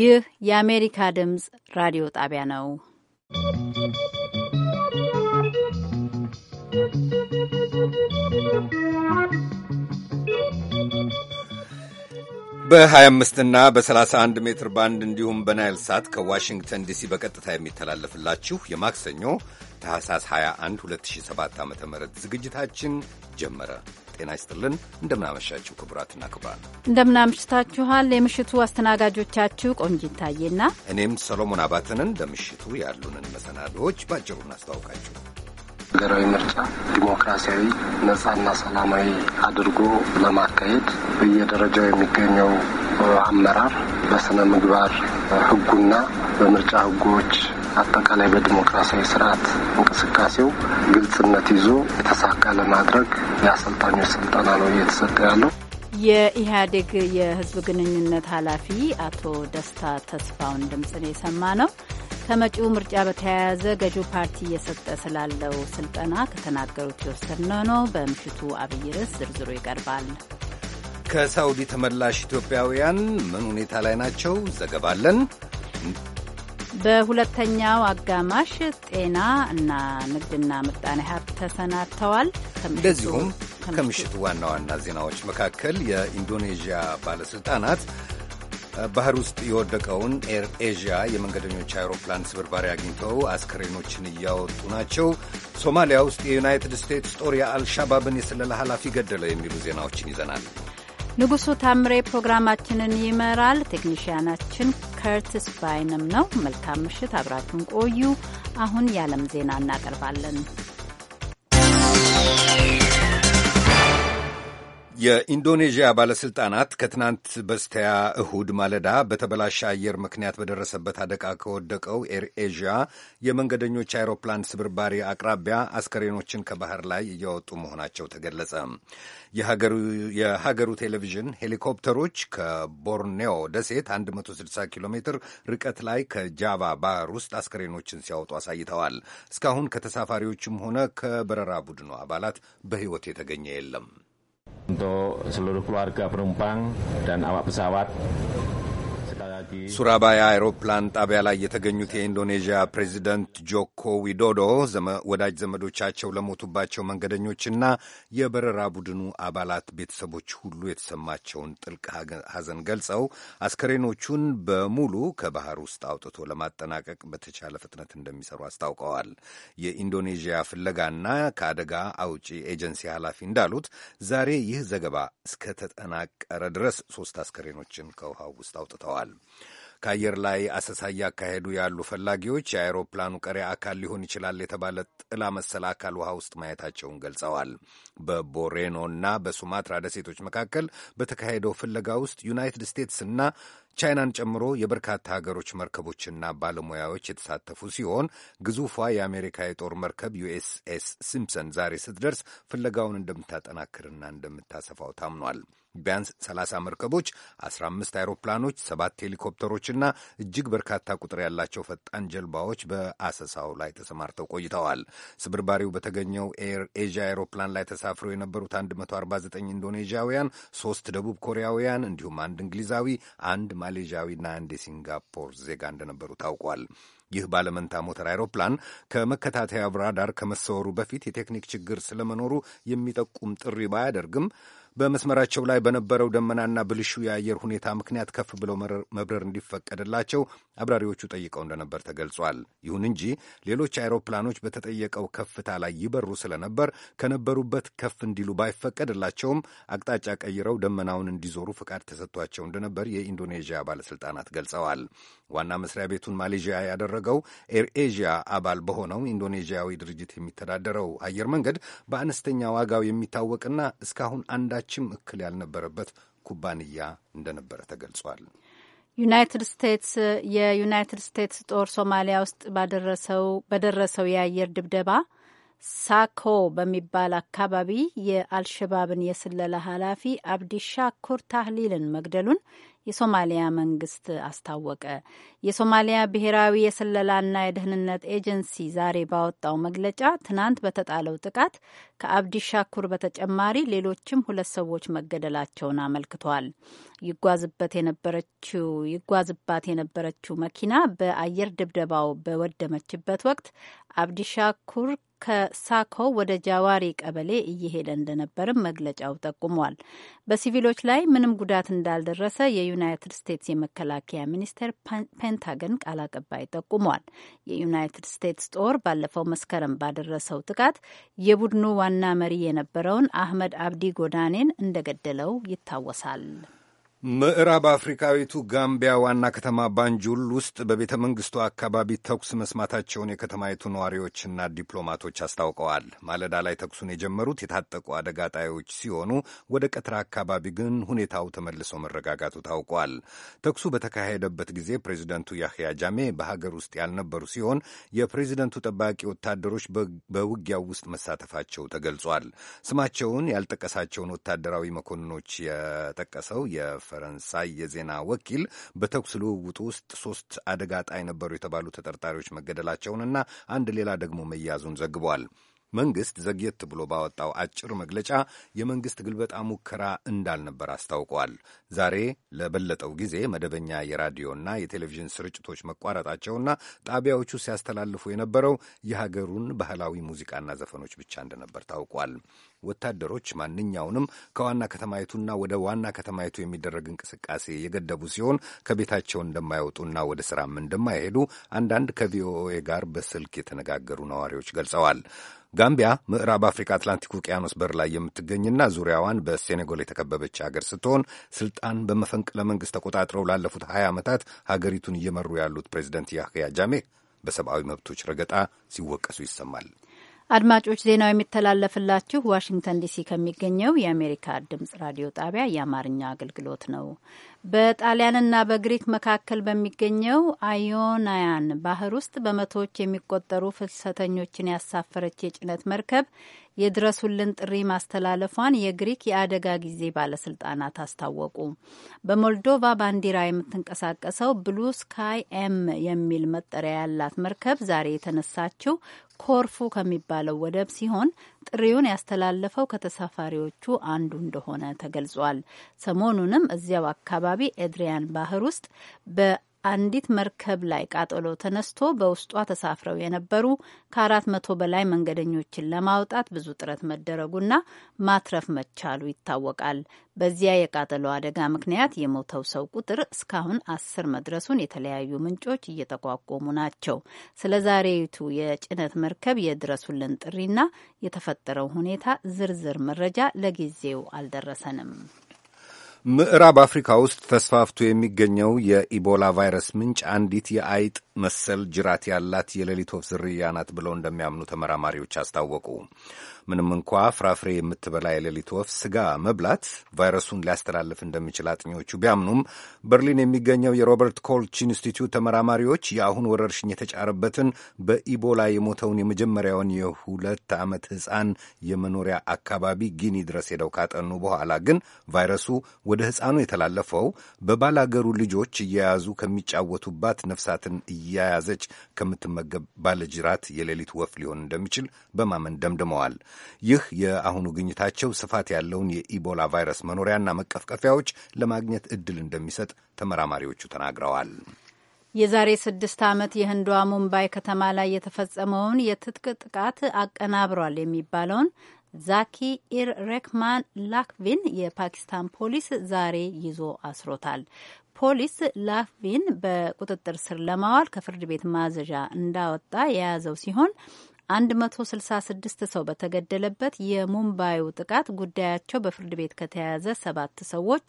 ይህ የአሜሪካ ድምፅ ራዲዮ ጣቢያ ነው። በ25 እና በ31 ሜትር ባንድ እንዲሁም በናይል ሳት ከዋሽንግተን ዲሲ በቀጥታ የሚተላለፍላችሁ የማክሰኞ ታህሳስ 21 2007 ዓ ም ዝግጅታችን ጀመረ። ጤና ይስጥልን። እንደምናመሻችሁ ክቡራትና ክቡራን፣ እንደምናምሽታችኋል። የምሽቱ አስተናጋጆቻችሁ ቆንጂት ታዬና እኔም ሰሎሞን አባተንን። ለምሽቱ ያሉንን መሰናዶዎች ባጭሩ እናስተዋውቃችሁ። ሀገራዊ ምርጫ ዲሞክራሲያዊ፣ ነጻና ሰላማዊ አድርጎ ለማካሄድ በየደረጃው የሚገኘው አመራር በስነ ምግባር ህጉና በምርጫ ህጎች አጠቃላይ በዲሞክራሲያዊ ስርዓት እንቅስቃሴው ግልጽነት ይዞ የተሳካ ለማድረግ የአሰልጣኞች ስልጠና ነው እየተሰጠ ያለው። የኢህአዴግ የህዝብ ግንኙነት ኃላፊ አቶ ደስታ ተስፋውን ድምፅን የሰማ ነው። ከመጪው ምርጫ በተያያዘ ገዢው ፓርቲ እየሰጠ ስላለው ስልጠና ከተናገሩት የወሰድነው ነው። በምሽቱ አብይ ርዕስ ዝርዝሩ ይቀርባል። ከሳውዲ ተመላሽ ኢትዮጵያውያን ምን ሁኔታ ላይ ናቸው? ዘገባለን። በሁለተኛው አጋማሽ ጤና እና ንግድና ምጣኔ ሀብት ተሰናድተዋል። እንደዚሁም ከምሽቱ ዋና ዋና ዜናዎች መካከል የኢንዶኔዥያ ባለሥልጣናት ባህር ውስጥ የወደቀውን ኤር ኤዥያ የመንገደኞች አውሮፕላን ስብርባሪ አግኝተው አስከሬኖችን እያወጡ ናቸው፣ ሶማሊያ ውስጥ የዩናይትድ ስቴትስ ጦር የአልሻባብን የስለላ ኃላፊ ገደለ የሚሉ ዜናዎችን ይዘናል። ንጉሱ ታምሬ ፕሮግራማችንን ይመራል። ቴክኒሽያናችን ከርትስ ባይንም ነው። መልካም ምሽት፣ አብራችሁን ቆዩ። አሁን የዓለም ዜና እናቀርባለን። የኢንዶኔዥያ ባለሥልጣናት ከትናንት በስቲያ እሁድ ማለዳ በተበላሸ አየር ምክንያት በደረሰበት አደጋ ከወደቀው ኤር ኤዥያ የመንገደኞች አይሮፕላን ስብርባሪ አቅራቢያ አስከሬኖችን ከባህር ላይ እያወጡ መሆናቸው ተገለጸ። የሀገሩ ቴሌቪዥን ሄሊኮፕተሮች ከቦርኔዮ ደሴት 160 ኪሎ ሜትር ርቀት ላይ ከጃቫ ባህር ውስጥ አስከሬኖችን ሲያወጡ አሳይተዋል። እስካሁን ከተሳፋሪዎችም ሆነ ከበረራ ቡድኑ አባላት በሕይወት የተገኘ የለም። untuk seluruh keluarga penumpang dan awak pesawat ሱራባያ አይሮፕላን ጣቢያ ላይ የተገኙት የኢንዶኔዥያ ፕሬዚደንት ጆኮ ዊዶዶ ወዳጅ ዘመዶቻቸው ለሞቱባቸው መንገደኞችና የበረራ ቡድኑ አባላት ቤተሰቦች ሁሉ የተሰማቸውን ጥልቅ ሐዘን ገልጸው አስከሬኖቹን በሙሉ ከባህር ውስጥ አውጥቶ ለማጠናቀቅ በተቻለ ፍጥነት እንደሚሰሩ አስታውቀዋል። የኢንዶኔዥያ ፍለጋና ከአደጋ አውጪ ኤጀንሲ ኃላፊ እንዳሉት ዛሬ ይህ ዘገባ እስከተጠናቀረ ድረስ ሶስት አስከሬኖችን ከውሃው ውስጥ አውጥተዋል። ከአየር ላይ አሰሳ እያካሄዱ ያሉ ፈላጊዎች የአውሮፕላኑ ቀሪ አካል ሊሆን ይችላል የተባለ ጥላ መሰል አካል ውሃ ውስጥ ማየታቸውን ገልጸዋል። በቦሬኖና በሱማትራ ደሴቶች መካከል በተካሄደው ፍለጋ ውስጥ ዩናይትድ ስቴትስ እና ቻይናን ጨምሮ የበርካታ ሀገሮች መርከቦችና ባለሙያዎች የተሳተፉ ሲሆን ግዙፏ የአሜሪካ የጦር መርከብ ዩኤስኤስ ሲምፕሰን ዛሬ ስትደርስ ፍለጋውን እንደምታጠናክርና እንደምታሰፋው ታምኗል። ቢያንስ 30 መርከቦች፣ 15 አይሮፕላኖች፣ ሰባት ሄሊኮፕተሮችና እጅግ በርካታ ቁጥር ያላቸው ፈጣን ጀልባዎች በአሰሳው ላይ ተሰማርተው ቆይተዋል። ስብርባሪው በተገኘው ኤር ኤዥያ አይሮፕላን ላይ ተሳፍረው የነበሩት 149 ኢንዶኔዥያውያን፣ ሶስት ደቡብ ኮሪያውያን እንዲሁም አንድ እንግሊዛዊ፣ አንድ ማሌዥያዊና አንድ የሲንጋፖር ዜጋ እንደነበሩ ታውቋል። ይህ ባለመንታ ሞተር አይሮፕላን ከመከታተያ ራዳር ከመሰወሩ በፊት የቴክኒክ ችግር ስለመኖሩ የሚጠቁም ጥሪ ባያደርግም በመስመራቸው ላይ በነበረው ደመናና ብልሹ የአየር ሁኔታ ምክንያት ከፍ ብለው መብረር እንዲፈቀድላቸው አብራሪዎቹ ጠይቀው እንደነበር ተገልጿል። ይሁን እንጂ ሌሎች አይሮፕላኖች በተጠየቀው ከፍታ ላይ ይበሩ ስለነበር ከነበሩበት ከፍ እንዲሉ ባይፈቀድላቸውም አቅጣጫ ቀይረው ደመናውን እንዲዞሩ ፍቃድ ተሰጥቷቸው እንደነበር የኢንዶኔዥያ ባለሥልጣናት ገልጸዋል። ዋና መስሪያ ቤቱን ማሌዥያ ያደረገው ኤርኤዥያ አባል በሆነው ኢንዶኔዥያዊ ድርጅት የሚተዳደረው አየር መንገድ በአነስተኛ ዋጋው የሚታወቅና እስካሁን አንዳችም እክል ያልነበረበት ኩባንያ እንደነበረ ተገልጿል። ዩናይትድ ስቴትስ የዩናይትድ ስቴትስ ጦር ሶማሊያ ውስጥ ባደረሰው በደረሰው የአየር ድብደባ ሳኮ በሚባል አካባቢ የአልሸባብን የስለላ ኃላፊ አብዲሻኩር ታህሊልን መግደሉን የሶማሊያ መንግስት አስታወቀ። የሶማሊያ ብሔራዊ የስለላና የደህንነት ኤጀንሲ ዛሬ ባወጣው መግለጫ ትናንት በተጣለው ጥቃት ከአብዲ ሻኩር በተጨማሪ ሌሎችም ሁለት ሰዎች መገደላቸውን አመልክቷል። ይጓዝበት የነበረችው ይጓዝባት የነበረችው መኪና በአየር ድብደባው በወደመችበት ወቅት አብዲ ሻኩር ከሳኮ ወደ ጃዋሪ ቀበሌ እየሄደ እንደነበርም መግለጫው ጠቁሟል። በሲቪሎች ላይ ምንም ጉዳት እንዳልደረሰ የዩናይትድ ስቴትስ የመከላከያ ሚኒስቴር ፔንታገን ቃል አቀባይ ጠቁሟል። የዩናይትድ ስቴትስ ጦር ባለፈው መስከረም ባደረሰው ጥቃት የቡድኑ ዋና መሪ የነበረውን አህመድ አብዲ ጎዳኔን እንደገደለው ይታወሳል። ምዕራብ አፍሪካዊቱ ጋምቢያ ዋና ከተማ ባንጁል ውስጥ በቤተ መንግሥቱ አካባቢ ተኩስ መስማታቸውን የከተማይቱ ነዋሪዎችና ዲፕሎማቶች አስታውቀዋል። ማለዳ ላይ ተኩሱን የጀመሩት የታጠቁ አደጋ ጣዮች ሲሆኑ ወደ ቀትር አካባቢ ግን ሁኔታው ተመልሶ መረጋጋቱ ታውቋል። ተኩሱ በተካሄደበት ጊዜ ፕሬዚደንቱ ያህያ ጃሜ በሀገር ውስጥ ያልነበሩ ሲሆን የፕሬዚደንቱ ጠባቂ ወታደሮች በውጊያው ውስጥ መሳተፋቸው ተገልጿል። ስማቸውን ያልጠቀሳቸውን ወታደራዊ መኮንኖች የጠቀሰው የፈረንሳይ የዜና ወኪል በተኩስ ልውውጡ ውስጥ ሶስት አደጋ ጣይ ነበሩ የተባሉ ተጠርጣሪዎች መገደላቸውንና አንድ ሌላ ደግሞ መያዙን ዘግቧል። መንግሥት ዘግየት ብሎ ባወጣው አጭር መግለጫ የመንግሥት ግልበጣ ሙከራ እንዳልነበር አስታውቋል። ዛሬ ለበለጠው ጊዜ መደበኛ የራዲዮና የቴሌቪዥን ስርጭቶች መቋረጣቸውና ጣቢያዎቹ ሲያስተላልፉ የነበረው የሀገሩን ባህላዊ ሙዚቃና ዘፈኖች ብቻ እንደነበር ታውቋል። ወታደሮች ማንኛውንም ከዋና ከተማይቱና ወደ ዋና ከተማይቱ የሚደረግ እንቅስቃሴ የገደቡ ሲሆን ከቤታቸው እንደማይወጡና ወደ ስራም እንደማይሄዱ አንዳንድ ከቪኦኤ ጋር በስልክ የተነጋገሩ ነዋሪዎች ገልጸዋል። ጋምቢያ ምዕራብ አፍሪካ አትላንቲክ ውቅያኖስ በር ላይ የምትገኝና ዙሪያዋን በሴኔጎል የተከበበች ሀገር ስትሆን ስልጣን በመፈንቅለ መንግሥት ተቆጣጥረው ላለፉት 20 ዓመታት ሀገሪቱን እየመሩ ያሉት ፕሬዚደንት ያህያ ጃሜህ በሰብአዊ መብቶች ረገጣ ሲወቀሱ ይሰማል። አድማጮች ዜናው የሚተላለፍላችሁ ዋሽንግተን ዲሲ ከሚገኘው የአሜሪካ ድምጽ ራዲዮ ጣቢያ የአማርኛ አገልግሎት ነው። በጣሊያንና በግሪክ መካከል በሚገኘው አዮናያን ባህር ውስጥ በመቶዎች የሚቆጠሩ ፍልሰተኞችን ያሳፈረች የጭነት መርከብ የድረሱልን ጥሪ ማስተላለፏን የግሪክ የአደጋ ጊዜ ባለስልጣናት አስታወቁ። በሞልዶቫ ባንዲራ የምትንቀሳቀሰው ብሉ ስካይ ኤም የሚል መጠሪያ ያላት መርከብ ዛሬ የተነሳችው ኮርፉ ከሚባለው ወደብ ሲሆን ጥሪውን ያስተላለፈው ከተሳፋሪዎቹ አንዱ እንደሆነ ተገልጿል። ሰሞኑንም እዚያው አካባቢ ኤድሪያን ባህር ውስጥ በ አንዲት መርከብ ላይ ቃጠሎ ተነስቶ በውስጧ ተሳፍረው የነበሩ ከአራት መቶ በላይ መንገደኞችን ለማውጣት ብዙ ጥረት መደረጉና ማትረፍ መቻሉ ይታወቃል። በዚያ የቃጠሎ አደጋ ምክንያት የሞተው ሰው ቁጥር እስካሁን አስር መድረሱን የተለያዩ ምንጮች እየተቋቋሙ ናቸው። ስለ ዛሬቱ የጭነት መርከብ የድረሱልን ጥሪና የተፈጠረው ሁኔታ ዝርዝር መረጃ ለጊዜው አልደረሰንም። ምዕራብ አፍሪካ ውስጥ ተስፋፍቶ የሚገኘው የኢቦላ ቫይረስ ምንጭ አንዲት የአይጥ መሰል ጅራት ያላት የሌሊት ወፍ ዝርያ ናት ብለው እንደሚያምኑ ተመራማሪዎች አስታወቁ። ምንም እንኳ ፍራፍሬ የምትበላ የሌሊት ወፍ ስጋ መብላት ቫይረሱን ሊያስተላልፍ እንደሚችል አጥኚዎቹ ቢያምኑም በርሊን የሚገኘው የሮበርት ኮልች ኢንስቲትዩት ተመራማሪዎች የአሁን ወረርሽኝ የተጫረበትን በኢቦላ የሞተውን የመጀመሪያውን የሁለት ዓመት ሕፃን የመኖሪያ አካባቢ ጊኒ ድረስ ሄደው ካጠኑ በኋላ ግን ቫይረሱ ወደ ሕፃኑ የተላለፈው በባላገሩ ልጆች እየያዙ ከሚጫወቱባት ነፍሳትን እያያዘች ከምትመገብ ባለጅራት የሌሊት ወፍ ሊሆን እንደሚችል በማመን ደምድመዋል። ይህ የአሁኑ ግኝታቸው ስፋት ያለውን የኢቦላ ቫይረስ መኖሪያና መቀፍቀፊያዎች ለማግኘት እድል እንደሚሰጥ ተመራማሪዎቹ ተናግረዋል። የዛሬ ስድስት ዓመት የህንዷ ሙምባይ ከተማ ላይ የተፈጸመውን የትጥቅ ጥቃት አቀናብሯል የሚባለውን ዛኪ ኢር ሬክማን ላክቪን የፓኪስታን ፖሊስ ዛሬ ይዞ አስሮታል። ፖሊስ ላክቪን በቁጥጥር ስር ለማዋል ከፍርድ ቤት ማዘዣ እንዳወጣ የያዘው ሲሆን 166 ሰው በተገደለበት የሙምባዩ ጥቃት ጉዳያቸው በፍርድ ቤት ከተያያዘ ሰባት ሰዎች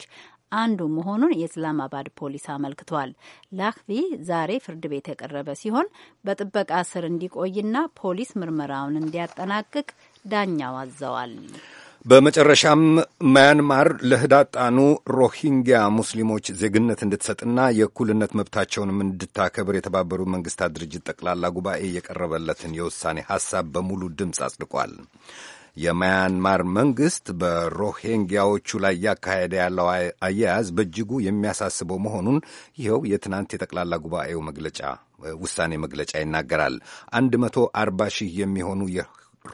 አንዱ መሆኑን የእስላማባድ ፖሊስ አመልክቷል። ላክቪ ዛሬ ፍርድ ቤት የቀረበ ሲሆን በጥበቃ ስር እንዲቆይና ፖሊስ ምርመራውን እንዲያጠናቅቅ ዳኛው አዘዋል። በመጨረሻም ማያንማር ለህዳጣኑ ሮሂንግያ ሙስሊሞች ዜግነት እንድትሰጥና የእኩልነት መብታቸውንም እንድታከብር የተባበሩት መንግስታት ድርጅት ጠቅላላ ጉባኤ የቀረበለትን የውሳኔ ሐሳብ በሙሉ ድምፅ አጽድቋል። የማያንማር መንግስት በሮሂንግያዎቹ ላይ እያካሄደ ያለው አያያዝ በእጅጉ የሚያሳስበው መሆኑን ይኸው የትናንት የጠቅላላ ጉባኤው መግለጫ ውሳኔ መግለጫ ይናገራል። አርባ ሺህ የሚሆኑ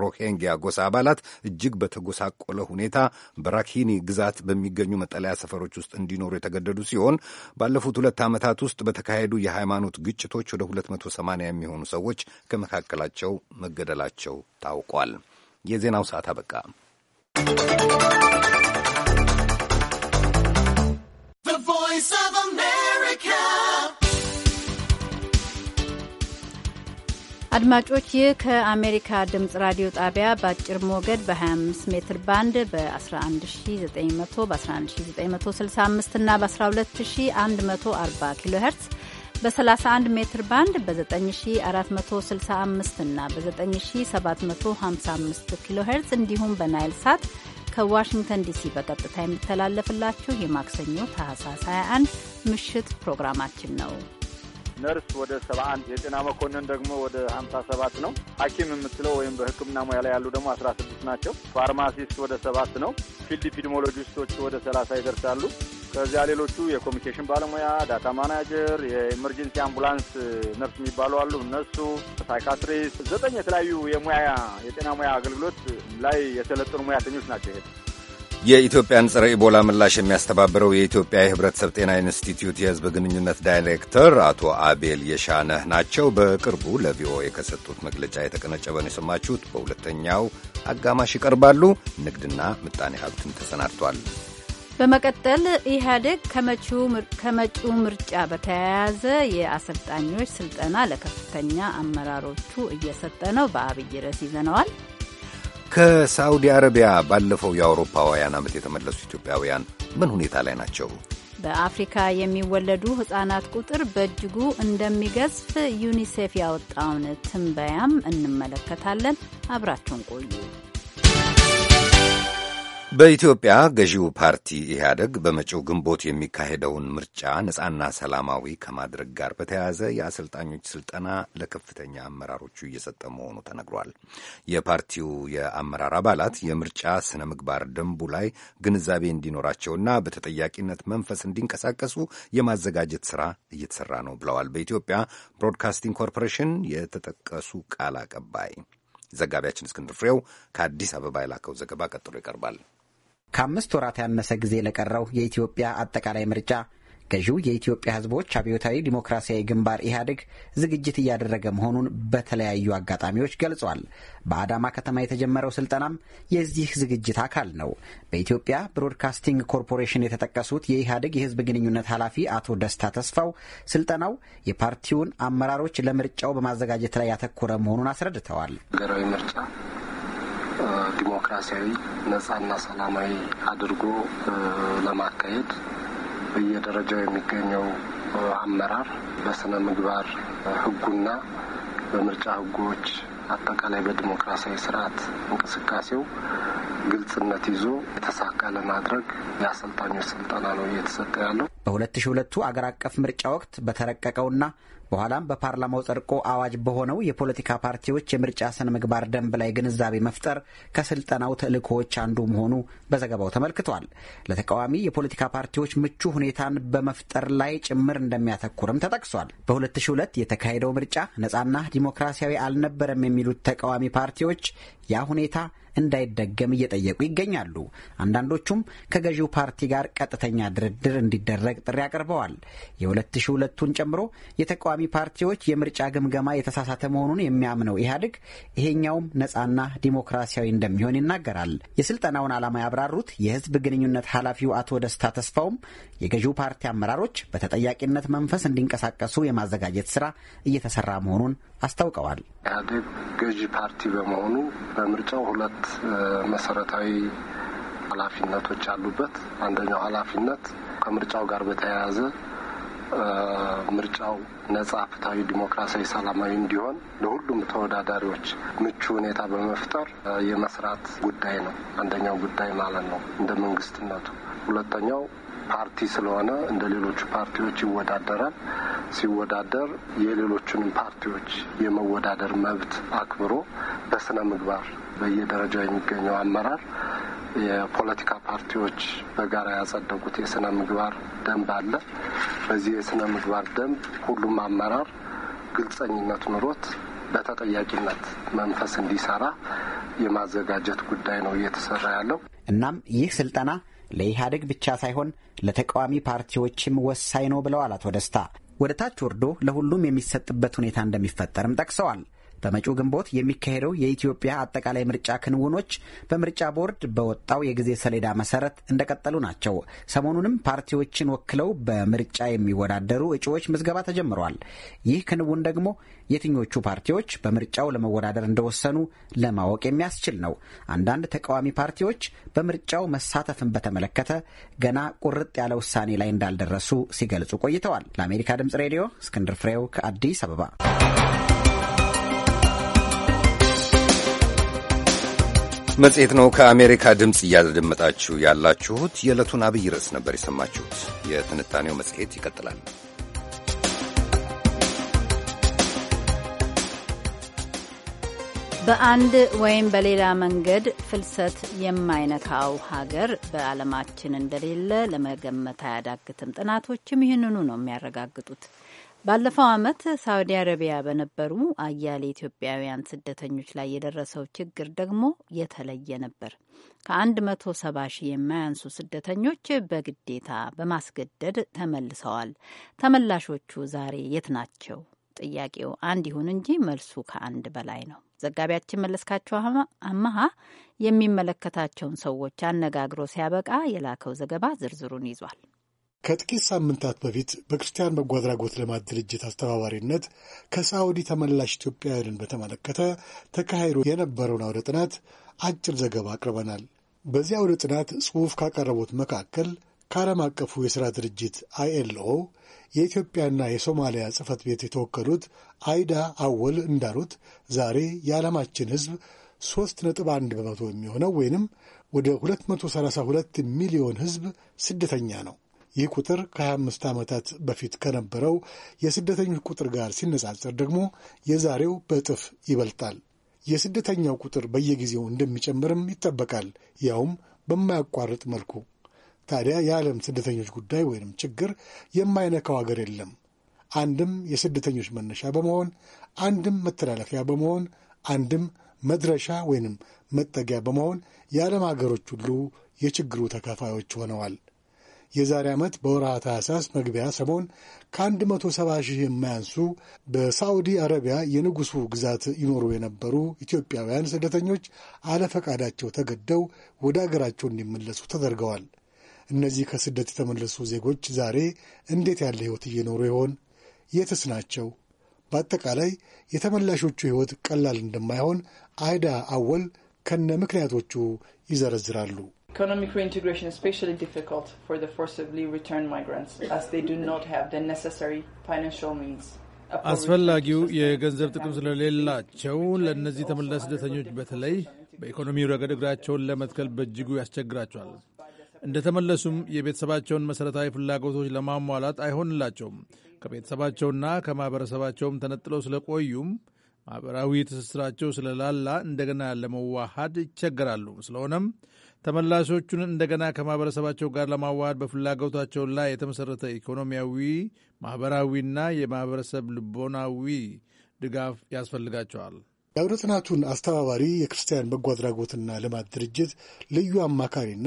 ሮሂንግያ ጎሳ አባላት እጅግ በተጎሳቆለ ሁኔታ በራኪኒ ግዛት በሚገኙ መጠለያ ሰፈሮች ውስጥ እንዲኖሩ የተገደዱ ሲሆን ባለፉት ሁለት ዓመታት ውስጥ በተካሄዱ የሃይማኖት ግጭቶች ወደ 280 የሚሆኑ ሰዎች ከመካከላቸው መገደላቸው ታውቋል። የዜናው ሰዓት አበቃ። አድማጮች ይህ ከአሜሪካ ድምጽ ራዲዮ ጣቢያ በአጭር ሞገድ በ25 ሜትር ባንድ በ11900 በ11965 እና በ12140 ኪሎ ሄርትስ በ31 ሜትር ባንድ በ9465 እና በ9755 ኪሎ ሄርትስ እንዲሁም በናይል ሳት ከዋሽንግተን ዲሲ በቀጥታ የሚተላለፍላችሁ የማክሰኞ ታህሳስ 21 ምሽት ፕሮግራማችን ነው። ነርስ ወደ 71 የጤና መኮንን ደግሞ ወደ 57 ነው። ሐኪም የምትለው ወይም በሕክምና ሙያ ላይ ያሉ ደግሞ 16 ናቸው። ፋርማሲስት ወደ ሰባት ነው። ፊልድ ኢፒድሞሎጂስቶች ወደ 30 ይደርሳሉ። ከዚያ ሌሎቹ የኮሚኒኬሽን ባለሙያ፣ ዳታ ማናጀር፣ የኤመርጀንሲ አምቡላንስ ነርስ የሚባሉ አሉ። እነሱ ሳይካትሪስት፣ ዘጠኝ የተለያዩ የሙያ የጤና ሙያ አገልግሎት ላይ የተለጠኑ ሙያተኞች ናቸው ይሄ የኢትዮጵያን ጸረ ኢቦላ ምላሽ የሚያስተባብረው የኢትዮጵያ የሕብረተሰብ ጤና ኢንስቲትዩት የሕዝብ ግንኙነት ዳይሬክተር አቶ አቤል የሻነህ ናቸው። በቅርቡ ለቪኦኤ ከሰጡት መግለጫ ነው የሰማችሁት። በሁለተኛው አጋማሽ ይቀርባሉ። ንግድና ምጣኔ ሀብትን ተሰናድቷል። በመቀጠል ኢህአዴግ ከመጪው ምርጫ በተያያዘ የአሰልጣኞች ስልጠና ለከፍተኛ አመራሮቹ እየሰጠ ነው። በአብይ ርዕስ ይዘነዋል። ከሳዑዲ አረቢያ ባለፈው የአውሮፓውያን ዓመት የተመለሱ ኢትዮጵያውያን ምን ሁኔታ ላይ ናቸው? በአፍሪካ የሚወለዱ ሕፃናት ቁጥር በእጅጉ እንደሚገዝፍ ዩኒሴፍ ያወጣውን ትንበያም እንመለከታለን። አብራችሁን ቆዩ። በኢትዮጵያ ገዢው ፓርቲ ኢህአደግ በመጪው ግንቦት የሚካሄደውን ምርጫ ነጻና ሰላማዊ ከማድረግ ጋር በተያያዘ የአሰልጣኞች ስልጠና ለከፍተኛ አመራሮቹ እየሰጠ መሆኑ ተነግሯል። የፓርቲው የአመራር አባላት የምርጫ ስነ ምግባር ደንቡ ላይ ግንዛቤ እንዲኖራቸውና በተጠያቂነት መንፈስ እንዲንቀሳቀሱ የማዘጋጀት ስራ እየተሰራ ነው ብለዋል። በኢትዮጵያ ብሮድካስቲንግ ኮርፖሬሽን የተጠቀሱ ቃል አቀባይ ዘጋቢያችን እስክንድር ፍሬው ከአዲስ አበባ የላከው ዘገባ ቀጥሎ ይቀርባል። ከአምስት ወራት ያነሰ ጊዜ ለቀረው የኢትዮጵያ አጠቃላይ ምርጫ ገዢው የኢትዮጵያ ሕዝቦች አብዮታዊ ዲሞክራሲያዊ ግንባር ኢህአዴግ ዝግጅት እያደረገ መሆኑን በተለያዩ አጋጣሚዎች ገልጿል። በአዳማ ከተማ የተጀመረው ስልጠናም የዚህ ዝግጅት አካል ነው። በኢትዮጵያ ብሮድካስቲንግ ኮርፖሬሽን የተጠቀሱት የኢህአዴግ የህዝብ ግንኙነት ኃላፊ አቶ ደስታ ተስፋው ስልጠናው የፓርቲውን አመራሮች ለምርጫው በማዘጋጀት ላይ ያተኮረ መሆኑን አስረድተዋል። ሀገራዊ ምርጫ ዲሞክራሲያዊ ነጻና ሰላማዊ አድርጎ ለማካሄድ በየደረጃው የሚገኘው አመራር በስነ ምግባር ህጉና በምርጫ ህጎች አጠቃላይ በዲሞክራሲያዊ ስርዓት እንቅስቃሴው ግልጽነት ይዞ የተሳካ ለማድረግ የአሰልጣኞች ስልጠና ነው እየተሰጠ ያለው። በሁለት ሺ ሁለቱ አገር አቀፍ ምርጫ ወቅት በተረቀቀውና በኋላም በፓርላማው ጸድቆ አዋጅ በሆነው የፖለቲካ ፓርቲዎች የምርጫ ስነ ምግባር ደንብ ላይ ግንዛቤ መፍጠር ከስልጠናው ተልእኮዎች አንዱ መሆኑ በዘገባው ተመልክቷል። ለተቃዋሚ የፖለቲካ ፓርቲዎች ምቹ ሁኔታን በመፍጠር ላይ ጭምር እንደሚያተኩርም ተጠቅሷል። በ2002 የተካሄደው ምርጫ ነጻና ዲሞክራሲያዊ አልነበረም የሚ የሚሉት ተቃዋሚ ፓርቲዎች ያ ሁኔታ እንዳይደገም እየጠየቁ ይገኛሉ። አንዳንዶቹም ከገዢው ፓርቲ ጋር ቀጥተኛ ድርድር እንዲደረግ ጥሪ አቅርበዋል። የ2002ቱን ጨምሮ የተቃዋሚ ፓርቲዎች የምርጫ ግምገማ የተሳሳተ መሆኑን የሚያምነው ኢህአዴግ ይሄኛውም ነፃና ዲሞክራሲያዊ እንደሚሆን ይናገራል። የስልጠናውን ዓላማ ያብራሩት የህዝብ ግንኙነት ኃላፊው አቶ ደስታ ተስፋውም የገዢው ፓርቲ አመራሮች በተጠያቂነት መንፈስ እንዲንቀሳቀሱ የማዘጋጀት ስራ እየተሰራ መሆኑን አስታውቀዋል። ኢህአዴግ ገዢ ፓርቲ በመሆኑ በምርጫው ሁለት መሰረታዊ ኃላፊነቶች አሉበት። አንደኛው ኃላፊነት ከምርጫው ጋር በተያያዘ ምርጫው ነጻ፣ ፍትሐዊ፣ ዲሞክራሲያዊ፣ ሰላማዊ እንዲሆን ለሁሉም ተወዳዳሪዎች ምቹ ሁኔታ በመፍጠር የመስራት ጉዳይ ነው። አንደኛው ጉዳይ ማለት ነው እንደ መንግስትነቱ። ሁለተኛው ፓርቲ ስለሆነ እንደ ሌሎቹ ፓርቲዎች ይወዳደራል። ሲወዳደር የሌሎቹንም ፓርቲዎች የመወዳደር መብት አክብሮ በስነ ምግባር በየደረጃው የሚገኘው አመራር የፖለቲካ ፓርቲዎች በጋራ ያጸደቁት የስነ ምግባር ደንብ አለ። በዚህ የስነ ምግባር ደንብ ሁሉም አመራር ግልጸኝነት ኑሮት በተጠያቂነት መንፈስ እንዲሰራ የማዘጋጀት ጉዳይ ነው እየተሰራ ያለው። እናም ይህ ስልጠና ለኢህአዴግ ብቻ ሳይሆን ለተቃዋሚ ፓርቲዎችም ወሳኝ ነው ብለዋል አቶ ደስታ። ወደ ታች ወርዶ ለሁሉም የሚሰጥበት ሁኔታ እንደሚፈጠርም ጠቅሰዋል። በመጪው ግንቦት የሚካሄደው የኢትዮጵያ አጠቃላይ ምርጫ ክንውኖች በምርጫ ቦርድ በወጣው የጊዜ ሰሌዳ መሰረት እንደቀጠሉ ናቸው። ሰሞኑንም ፓርቲዎችን ወክለው በምርጫ የሚወዳደሩ እጩዎች ምዝገባ ተጀምረዋል። ይህ ክንውን ደግሞ የትኞቹ ፓርቲዎች በምርጫው ለመወዳደር እንደወሰኑ ለማወቅ የሚያስችል ነው። አንዳንድ ተቃዋሚ ፓርቲዎች በምርጫው መሳተፍን በተመለከተ ገና ቁርጥ ያለ ውሳኔ ላይ እንዳልደረሱ ሲገልጹ ቆይተዋል። ለአሜሪካ ድምጽ ሬዲዮ እስክንድር ፍሬው ከአዲስ አበባ መጽሔት ነው ከአሜሪካ ድምፅ እያደመጣችሁ ያላችሁት። የዕለቱን አብይ ርዕስ ነበር የሰማችሁት። የትንታኔው መጽሔት ይቀጥላል። በአንድ ወይም በሌላ መንገድ ፍልሰት የማይነካው ሀገር በዓለማችን እንደሌለ ለመገመት አያዳግትም። ጥናቶችም ይህንኑ ነው የሚያረጋግጡት። ባለፈው ዓመት ሳውዲ አረቢያ በነበሩ አያሌ ኢትዮጵያውያን ስደተኞች ላይ የደረሰው ችግር ደግሞ የተለየ ነበር። ከ170 ሺህ የማያንሱ ስደተኞች በግዴታ በማስገደድ ተመልሰዋል። ተመላሾቹ ዛሬ የት ናቸው? ጥያቄው አንድ ይሁን እንጂ መልሱ ከአንድ በላይ ነው። ዘጋቢያችን መለስካቸው አመሀ የሚመለከታቸውን ሰዎች አነጋግሮ ሲያበቃ የላከው ዘገባ ዝርዝሩን ይዟል። ከጥቂት ሳምንታት በፊት በክርስቲያን በጎ አድራጎት ልማት ድርጅት አስተባባሪነት ከሳዑዲ ተመላሽ ኢትዮጵያውያንን በተመለከተ ተካሂዶ የነበረውን አውደ ጥናት አጭር ዘገባ አቅርበናል። በዚህ አውደ ጥናት ጽሑፍ ካቀረቡት መካከል ከዓለም አቀፉ የሥራ ድርጅት አይኤልኦ የኢትዮጵያና የሶማሊያ ጽሕፈት ቤት የተወከሉት አይዳ አወል እንዳሉት ዛሬ የዓለማችን ሕዝብ 3.1 በመቶ የሚሆነው ወይንም ወደ 232 ሚሊዮን ሕዝብ ስደተኛ ነው። ይህ ቁጥር ከ25 ዓመታት በፊት ከነበረው የስደተኞች ቁጥር ጋር ሲነጻጸር ደግሞ የዛሬው በእጥፍ ይበልጣል። የስደተኛው ቁጥር በየጊዜው እንደሚጨምርም ይጠበቃል፣ ያውም በማያቋርጥ መልኩ። ታዲያ የዓለም ስደተኞች ጉዳይ ወይም ችግር የማይነካው ሀገር የለም። አንድም የስደተኞች መነሻ በመሆን አንድም መተላለፊያ በመሆን አንድም መድረሻ ወይንም መጠጊያ በመሆን የዓለም ሀገሮች ሁሉ የችግሩ ተካፋዮች ሆነዋል። የዛሬ ዓመት በወርሃ ታህሳስ መግቢያ ሰሞን ከ170 ሺህ የማያንሱ በሳዑዲ አረቢያ የንጉሱ ግዛት ይኖሩ የነበሩ ኢትዮጵያውያን ስደተኞች አለፈቃዳቸው ተገደው ወደ አገራቸው እንዲመለሱ ተደርገዋል። እነዚህ ከስደት የተመለሱ ዜጎች ዛሬ እንዴት ያለ ሕይወት እየኖሩ ይሆን? የትስ ናቸው? በአጠቃላይ የተመላሾቹ ሕይወት ቀላል እንደማይሆን አይዳ አወል ከነ ምክንያቶቹ ይዘረዝራሉ። Economic reintegration is especially difficult for the forcibly returned migrants as they do not have the necessary financial means. አስፈላጊው የገንዘብ ጥቅም ስለሌላቸው ለእነዚህ ተመላሽ ስደተኞች በተለይ በኢኮኖሚው ረገድ እግራቸውን ለመትከል በእጅጉ ያስቸግራቸዋል። እንደ ተመለሱም የቤተሰባቸውን መሠረታዊ ፍላጎቶች ለማሟላት አይሆንላቸውም። ከቤተሰባቸውና ከማኅበረሰባቸውም ተነጥለው ስለቆዩም ማኅበራዊ ትስስራቸው ስለላላ እንደገና ለመዋሃድ ይቸገራሉ። ስለሆነም ተመላሾቹን እንደገና ከማህበረሰባቸው ጋር ለማዋሃድ በፍላጎታቸው ላይ የተመሠረተ ኢኮኖሚያዊ፣ ማኅበራዊና የማኅበረሰብ ልቦናዊ ድጋፍ ያስፈልጋቸዋል። የአውደ ጥናቱን አስተባባሪ የክርስቲያን በጎ አድራጎትና ልማት ድርጅት ልዩ አማካሪና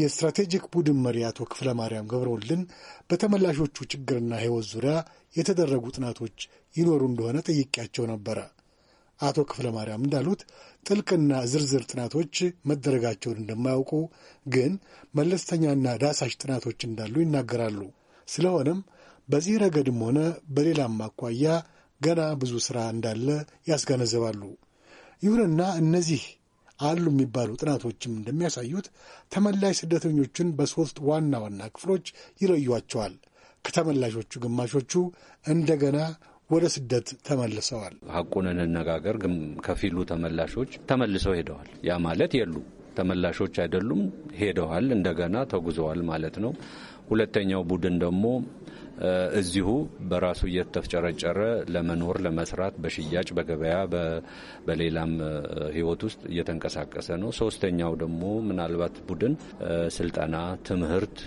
የስትራቴጂክ ቡድን መሪ አቶ ክፍለ ማርያም ገብረወልን በተመላሾቹ ችግርና ሕይወት ዙሪያ የተደረጉ ጥናቶች ይኖሩ እንደሆነ ጠይቄያቸው ነበረ። አቶ ክፍለ ማርያም እንዳሉት ጥልቅና ዝርዝር ጥናቶች መደረጋቸውን እንደማያውቁ ግን መለስተኛና ዳሳሽ ጥናቶች እንዳሉ ይናገራሉ። ስለሆነም በዚህ ረገድም ሆነ በሌላም አኳያ ገና ብዙ ሥራ እንዳለ ያስገነዘባሉ። ይሁንና እነዚህ አሉ የሚባሉ ጥናቶችም እንደሚያሳዩት ተመላሽ ስደተኞችን በሦስት ዋና ዋና ክፍሎች ይለዩቸዋል። ከተመላሾቹ ግማሾቹ እንደገና ወደ ስደት ተመልሰዋል። ሀቁን እንነጋገር፣ ግን ከፊሉ ተመላሾች ተመልሰው ሄደዋል። ያ ማለት የሉ ተመላሾች አይደሉም፣ ሄደዋል፣ እንደገና ተጉዘዋል ማለት ነው። ሁለተኛው ቡድን ደግሞ እዚሁ በራሱ እየተፍጨረጨረ ለመኖር ለመስራት፣ በሽያጭ በገበያ በሌላም ህይወት ውስጥ እየተንቀሳቀሰ ነው። ሶስተኛው ደግሞ ምናልባት ቡድን ስልጠና፣ ትምህርት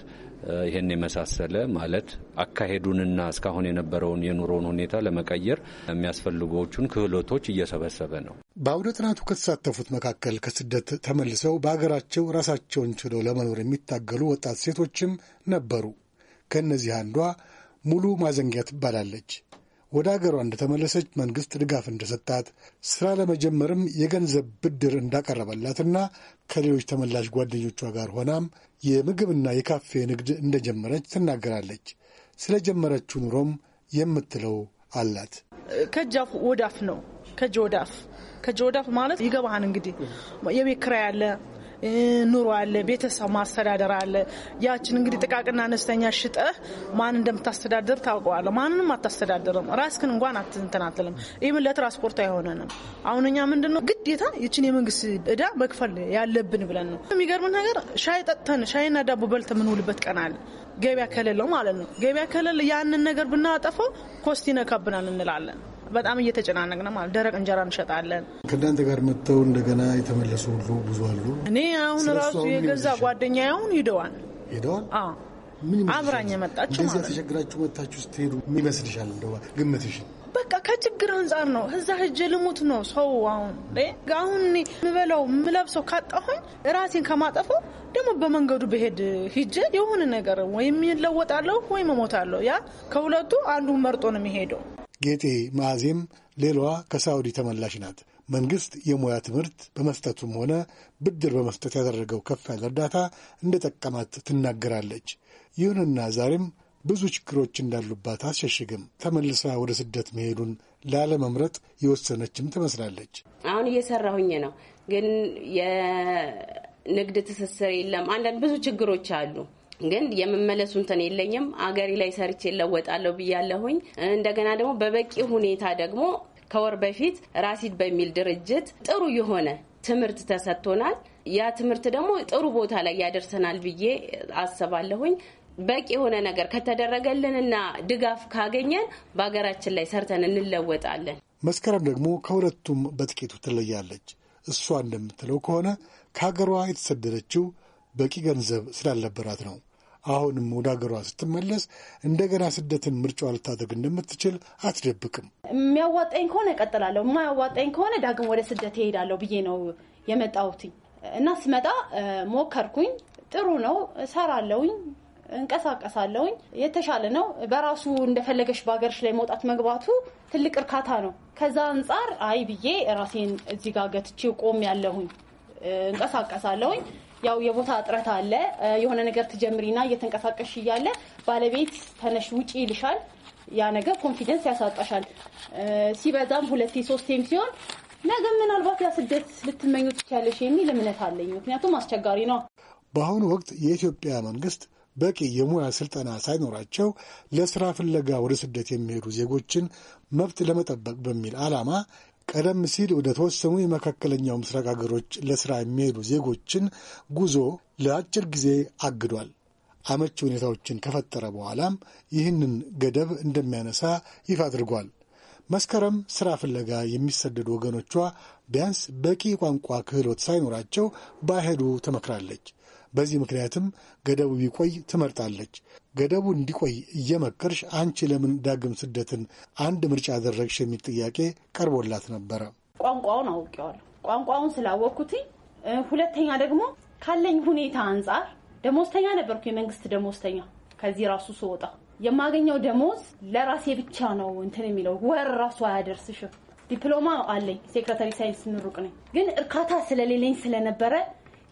ይህን የመሳሰለ ማለት አካሄዱንና እስካሁን የነበረውን የኑሮን ሁኔታ ለመቀየር የሚያስፈልጎቹን ክህሎቶች እየሰበሰበ ነው። በአውደ ጥናቱ ከተሳተፉት መካከል ከስደት ተመልሰው በሀገራቸው ራሳቸውን ችለው ለመኖር የሚታገሉ ወጣት ሴቶችም ነበሩ። ከእነዚህ አንዷ ሙሉ ማዘንጊያ ትባላለች። ወደ አገሯ እንደተመለሰች መንግስት ድጋፍ እንደሰጣት ስራ ለመጀመርም የገንዘብ ብድር እንዳቀረበላትና ከሌሎች ተመላሽ ጓደኞቿ ጋር ሆናም የምግብና የካፌ ንግድ እንደጀመረች ትናገራለች። ስለጀመረችው ኑሮም የምትለው አላት። ከጃፍ ወዳፍ ነው። ከጆዳፍ ከጆዳፍ ማለት ይገባሃን እንግዲህ የቤት ኪራይ አለ ኑሮ አለ፣ ቤተሰብ ማስተዳደር አለ። ያችን እንግዲህ ጥቃቅና አነስተኛ ሽጠህ ማን እንደምታስተዳደር ታውቀዋለህ። ማንንም አታስተዳደርም። ራስክን እንኳን አትንትናትልም። አትልም። ይህም ለትራንስፖርት አይሆነንም። አሁን እኛ ምንድን ነው ግዴታ ይችን የመንግስት እዳ መክፈል ያለብን ብለን ነው። የሚገርምን ነገር ሻይ ጠጥተን ሻይና ዳቦ በልተ ምንውልበት ቀን አለ። ገበያ ከሌለው ማለት ነው። ገቢያ ከሌለ ያንን ነገር ብናጠፈው ኮስት ይነካብናል እንላለን። በጣም እየተጨናነቅ ነው ማለት ደረቅ እንጀራ እንሸጣለን። ከእናንተ ጋር መጥተው እንደገና የተመለሱ ሁሉ ብዙ አሉ። እኔ አሁን ራሱ የገዛ ጓደኛ አሁን ሂደዋል ሂደዋል አብራኝ የመጣችሁ ማለት ነው። ተቸግራችሁ መታችሁ ስትሄዱ ምን ይመስልሻል? እንደ ግምትሽ በቃ ከችግር አንጻር ነው። እዛ ሂጅ ልሙት ነው ሰው አሁን አሁን የምበላው የምለብሰው ካጣሁኝ ራሴን ከማጠፈው ደግሞ በመንገዱ በሄድ ሂጄ የሆነ ነገር ወይም ይለወጣለሁ ወይም እሞታለሁ። ያ ከሁለቱ አንዱ መርጦ ነው የሚሄደው። ጌጤ መዓዜም ሌላዋ ከሳውዲ ተመላሽ ናት። መንግሥት የሙያ ትምህርት በመስጠቱም ሆነ ብድር በመስጠት ያደረገው ከፍ ያለ እርዳታ እንደ ጠቀማት ትናገራለች። ይሁንና ዛሬም ብዙ ችግሮች እንዳሉባት አስሸሽግም። ተመልሳ ወደ ስደት መሄዱን ላለመምረጥ የወሰነችም ትመስላለች። አሁን እየሰራሁኝ ነው፣ ግን የንግድ ትስስር የለም። አንዳንድ ብዙ ችግሮች አሉ። ግን የምመለሱ እንትን የለኝም። አገሬ ላይ ሰርቼ ለወጣለሁ ብያለሁኝ። እንደገና ደግሞ በበቂ ሁኔታ ደግሞ ከወር በፊት ራሲድ በሚል ድርጅት ጥሩ የሆነ ትምህርት ተሰጥቶናል። ያ ትምህርት ደግሞ ጥሩ ቦታ ላይ ያደርሰናል ብዬ አስባለሁኝ። በቂ የሆነ ነገር ከተደረገልንና ድጋፍ ካገኘን በሀገራችን ላይ ሰርተን እንለወጣለን። መስከረም ደግሞ ከሁለቱም በጥቂቱ ትለያለች። እሷ እንደምትለው ከሆነ ከሀገሯ የተሰደደችው በቂ ገንዘብ ስላልነበራት ነው። አሁንም ወደ ሀገሯ ስትመለስ እንደገና ስደትን ምርጫ ልታደርግ እንደምትችል አትደብቅም። የሚያዋጣኝ ከሆነ እቀጥላለሁ፣ የማያዋጣኝ ከሆነ ዳግም ወደ ስደት ይሄዳለሁ ብዬ ነው የመጣሁትኝ እና ስመጣ ሞከርኩኝ። ጥሩ ነው፣ እሰራለሁኝ እንቀሳቀሳለሁኝ የተሻለ ነው። በራሱ እንደፈለገሽ በሀገርሽ ላይ መውጣት መግባቱ ትልቅ እርካታ ነው። ከዛ አንጻር አይ ብዬ ራሴን እዚህ ጋር ገትቼ ቆም ያለሁኝ እንቀሳቀሳለሁኝ። ያው የቦታ እጥረት አለ። የሆነ ነገር ትጀምሪና እየተንቀሳቀሽ እያለ ባለቤት ተነሽ ውጪ ይልሻል። ያ ነገር ኮንፊደንስ ያሳጣሻል። ሲበዛም ሁለቴ ሶስቴም ሲሆን ነገ ምናልባት ያ ስደት ልትመኙ ትችያለሽ የሚል እምነት አለኝ። ምክንያቱም አስቸጋሪ ነው። በአሁኑ ወቅት የኢትዮጵያ መንግስት በቂ የሙያ ስልጠና ሳይኖራቸው ለስራ ፍለጋ ወደ ስደት የሚሄዱ ዜጎችን መብት ለመጠበቅ በሚል ዓላማ ቀደም ሲል ወደ ተወሰኑ የመካከለኛው ምስራቅ አገሮች ለሥራ የሚሄዱ ዜጎችን ጉዞ ለአጭር ጊዜ አግዷል። አመቺ ሁኔታዎችን ከፈጠረ በኋላም ይህንን ገደብ እንደሚያነሳ ይፋ አድርጓል። መስከረም ሥራ ፍለጋ የሚሰደዱ ወገኖቿ ቢያንስ በቂ ቋንቋ ክህሎት ሳይኖራቸው ባይሄዱ ትመክራለች። በዚህ ምክንያትም ገደቡ ቢቆይ ትመርጣለች። ገደቡ እንዲቆይ እየመከርሽ አንቺ ለምን ዳግም ስደትን አንድ ምርጫ አደረግሽ የሚል ጥያቄ ቀርቦላት ነበረ። ቋንቋውን አውቄዋለሁ። ቋንቋውን ስላወቅኩት ሁለተኛ ደግሞ ካለኝ ሁኔታ አንጻር ደሞዝተኛ ነበርኩ፣ የመንግስት ደሞዝተኛ። ከዚህ ራሱ ስወጣ የማገኘው ደሞዝ ለራሴ ብቻ ነው እንትን የሚለው ወር ራሱ አያደርስሽም። ዲፕሎማ አለኝ፣ ሴክረታሪ ሳይንስ ምሩቅ ነኝ። ግን እርካታ ስለሌለኝ ስለነበረ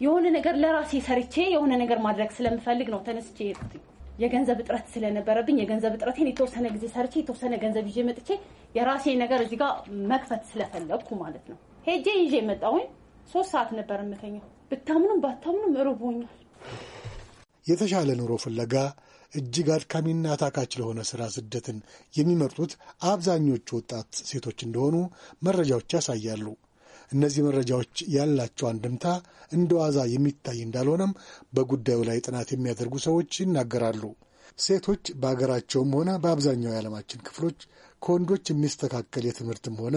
የሆነ ነገር ለራሴ ሰርቼ የሆነ ነገር ማድረግ ስለምፈልግ ነው ተነስቼ የገንዘብ እጥረት ስለነበረብኝ የገንዘብ እጥረቴን የተወሰነ ጊዜ ሰርቼ የተወሰነ ገንዘብ ይዤ መጥቼ የራሴ ነገር እዚህ ጋር መክፈት ስለፈለግኩ ማለት ነው ሄጄ ይዤ መጣሁኝ። ሶስት ሰዓት ነበር የምተኛው። ብታምኑም ባታምኑም እርቦኛል። የተሻለ ኑሮ ፍለጋ እጅግ አድካሚና ታካች ለሆነ ስራ ስደትን የሚመርጡት አብዛኞቹ ወጣት ሴቶች እንደሆኑ መረጃዎች ያሳያሉ። እነዚህ መረጃዎች ያላቸው አንድምታ እንደ ዋዛ የሚታይ እንዳልሆነም በጉዳዩ ላይ ጥናት የሚያደርጉ ሰዎች ይናገራሉ። ሴቶች በሀገራቸውም ሆነ በአብዛኛው የዓለማችን ክፍሎች ከወንዶች የሚስተካከል የትምህርትም ሆነ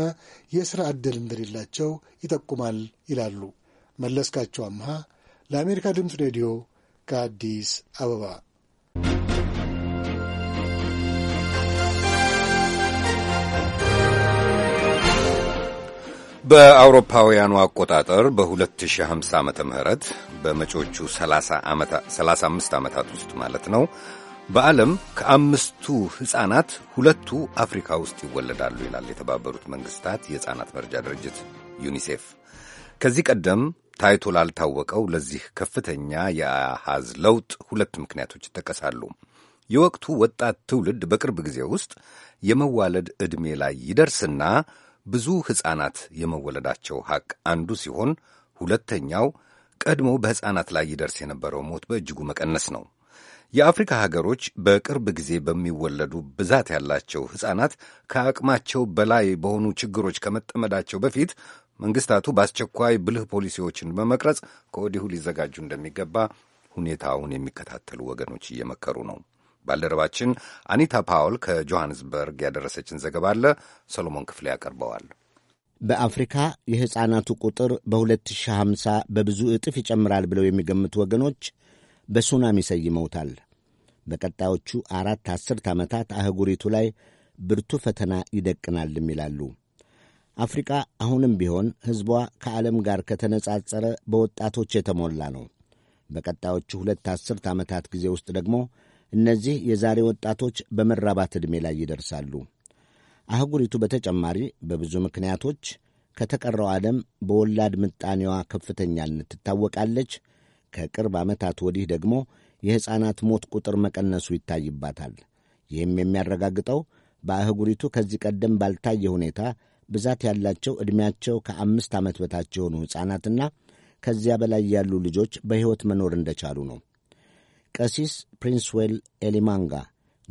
የሥራ ዕድል እንደሌላቸው ይጠቁማል ይላሉ። መለስካቸው አምሃ ለአሜሪካ ድምፅ ሬዲዮ ከአዲስ አበባ በአውሮፓውያኑ አቆጣጠር በ2050 ዓ ም በመጪዎቹ 35 ዓመታት ውስጥ ማለት ነው በዓለም ከአምስቱ ሕፃናት ሁለቱ አፍሪካ ውስጥ ይወለዳሉ ይላል የተባበሩት መንግሥታት የሕፃናት መርጃ ድርጅት ዩኒሴፍ። ከዚህ ቀደም ታይቶ ላልታወቀው ለዚህ ከፍተኛ የአሃዝ ለውጥ ሁለት ምክንያቶች ይጠቀሳሉ። የወቅቱ ወጣት ትውልድ በቅርብ ጊዜ ውስጥ የመዋለድ ዕድሜ ላይ ይደርስና ብዙ ሕፃናት የመወለዳቸው ሐቅ አንዱ ሲሆን ሁለተኛው ቀድሞ በሕፃናት ላይ ይደርስ የነበረው ሞት በእጅጉ መቀነስ ነው። የአፍሪካ ሀገሮች በቅርብ ጊዜ በሚወለዱ ብዛት ያላቸው ሕፃናት ከአቅማቸው በላይ በሆኑ ችግሮች ከመጠመዳቸው በፊት መንግስታቱ በአስቸኳይ ብልህ ፖሊሲዎችን በመቅረጽ ከወዲሁ ሊዘጋጁ እንደሚገባ ሁኔታውን የሚከታተሉ ወገኖች እየመከሩ ነው። ባልደረባችን አኒታ ፓውል ከጆሃንስበርግ ያደረሰችን ዘገባ አለ። ሰሎሞን ክፍሌ ያቀርበዋል። በአፍሪካ የሕፃናቱ ቁጥር በ2050 በብዙ እጥፍ ይጨምራል ብለው የሚገምቱ ወገኖች በሱናሚ ሰይመውታል። በቀጣዮቹ አራት አስርት ዓመታት አህጉሪቱ ላይ ብርቱ ፈተና ይደቅናልም ይላሉ። አፍሪቃ አሁንም ቢሆን ሕዝቧ ከዓለም ጋር ከተነጻጸረ በወጣቶች የተሞላ ነው። በቀጣዮቹ ሁለት አስርት ዓመታት ጊዜ ውስጥ ደግሞ እነዚህ የዛሬ ወጣቶች በመራባት ዕድሜ ላይ ይደርሳሉ። አህጉሪቱ በተጨማሪ በብዙ ምክንያቶች ከተቀረው ዓለም በወላድ ምጣኔዋ ከፍተኛነት ትታወቃለች። ከቅርብ ዓመታት ወዲህ ደግሞ የሕፃናት ሞት ቁጥር መቀነሱ ይታይባታል። ይህም የሚያረጋግጠው በአህጉሪቱ ከዚህ ቀደም ባልታየ ሁኔታ ብዛት ያላቸው ዕድሜያቸው ከአምስት ዓመት በታች የሆኑ ሕፃናትና ከዚያ በላይ ያሉ ልጆች በሕይወት መኖር እንደቻሉ ነው። ቀሲስ ፕሪንስዌል ኤሊማንጋ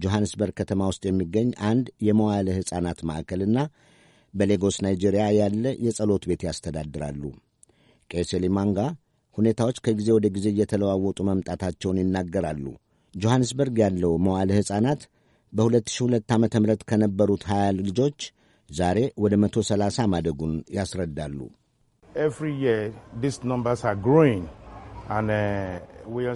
ጆሐንስበርግ ከተማ ውስጥ የሚገኝ አንድ የመዋለ ሕፃናት ማዕከልና በሌጎስ ናይጄሪያ ያለ የጸሎት ቤት ያስተዳድራሉ። ቄስ ኤሊማንጋ ሁኔታዎች ከጊዜ ወደ ጊዜ እየተለዋወጡ መምጣታቸውን ይናገራሉ። ጆሐንስበርግ ያለው መዋለ ሕፃናት በ2002 ዓ ም ከነበሩት 20 ልጆች ዛሬ ወደ 130 ማደጉን ያስረዳሉ። ኤቭሪ ዲስ ነምበርስ አር ግሮዊንግ Uh,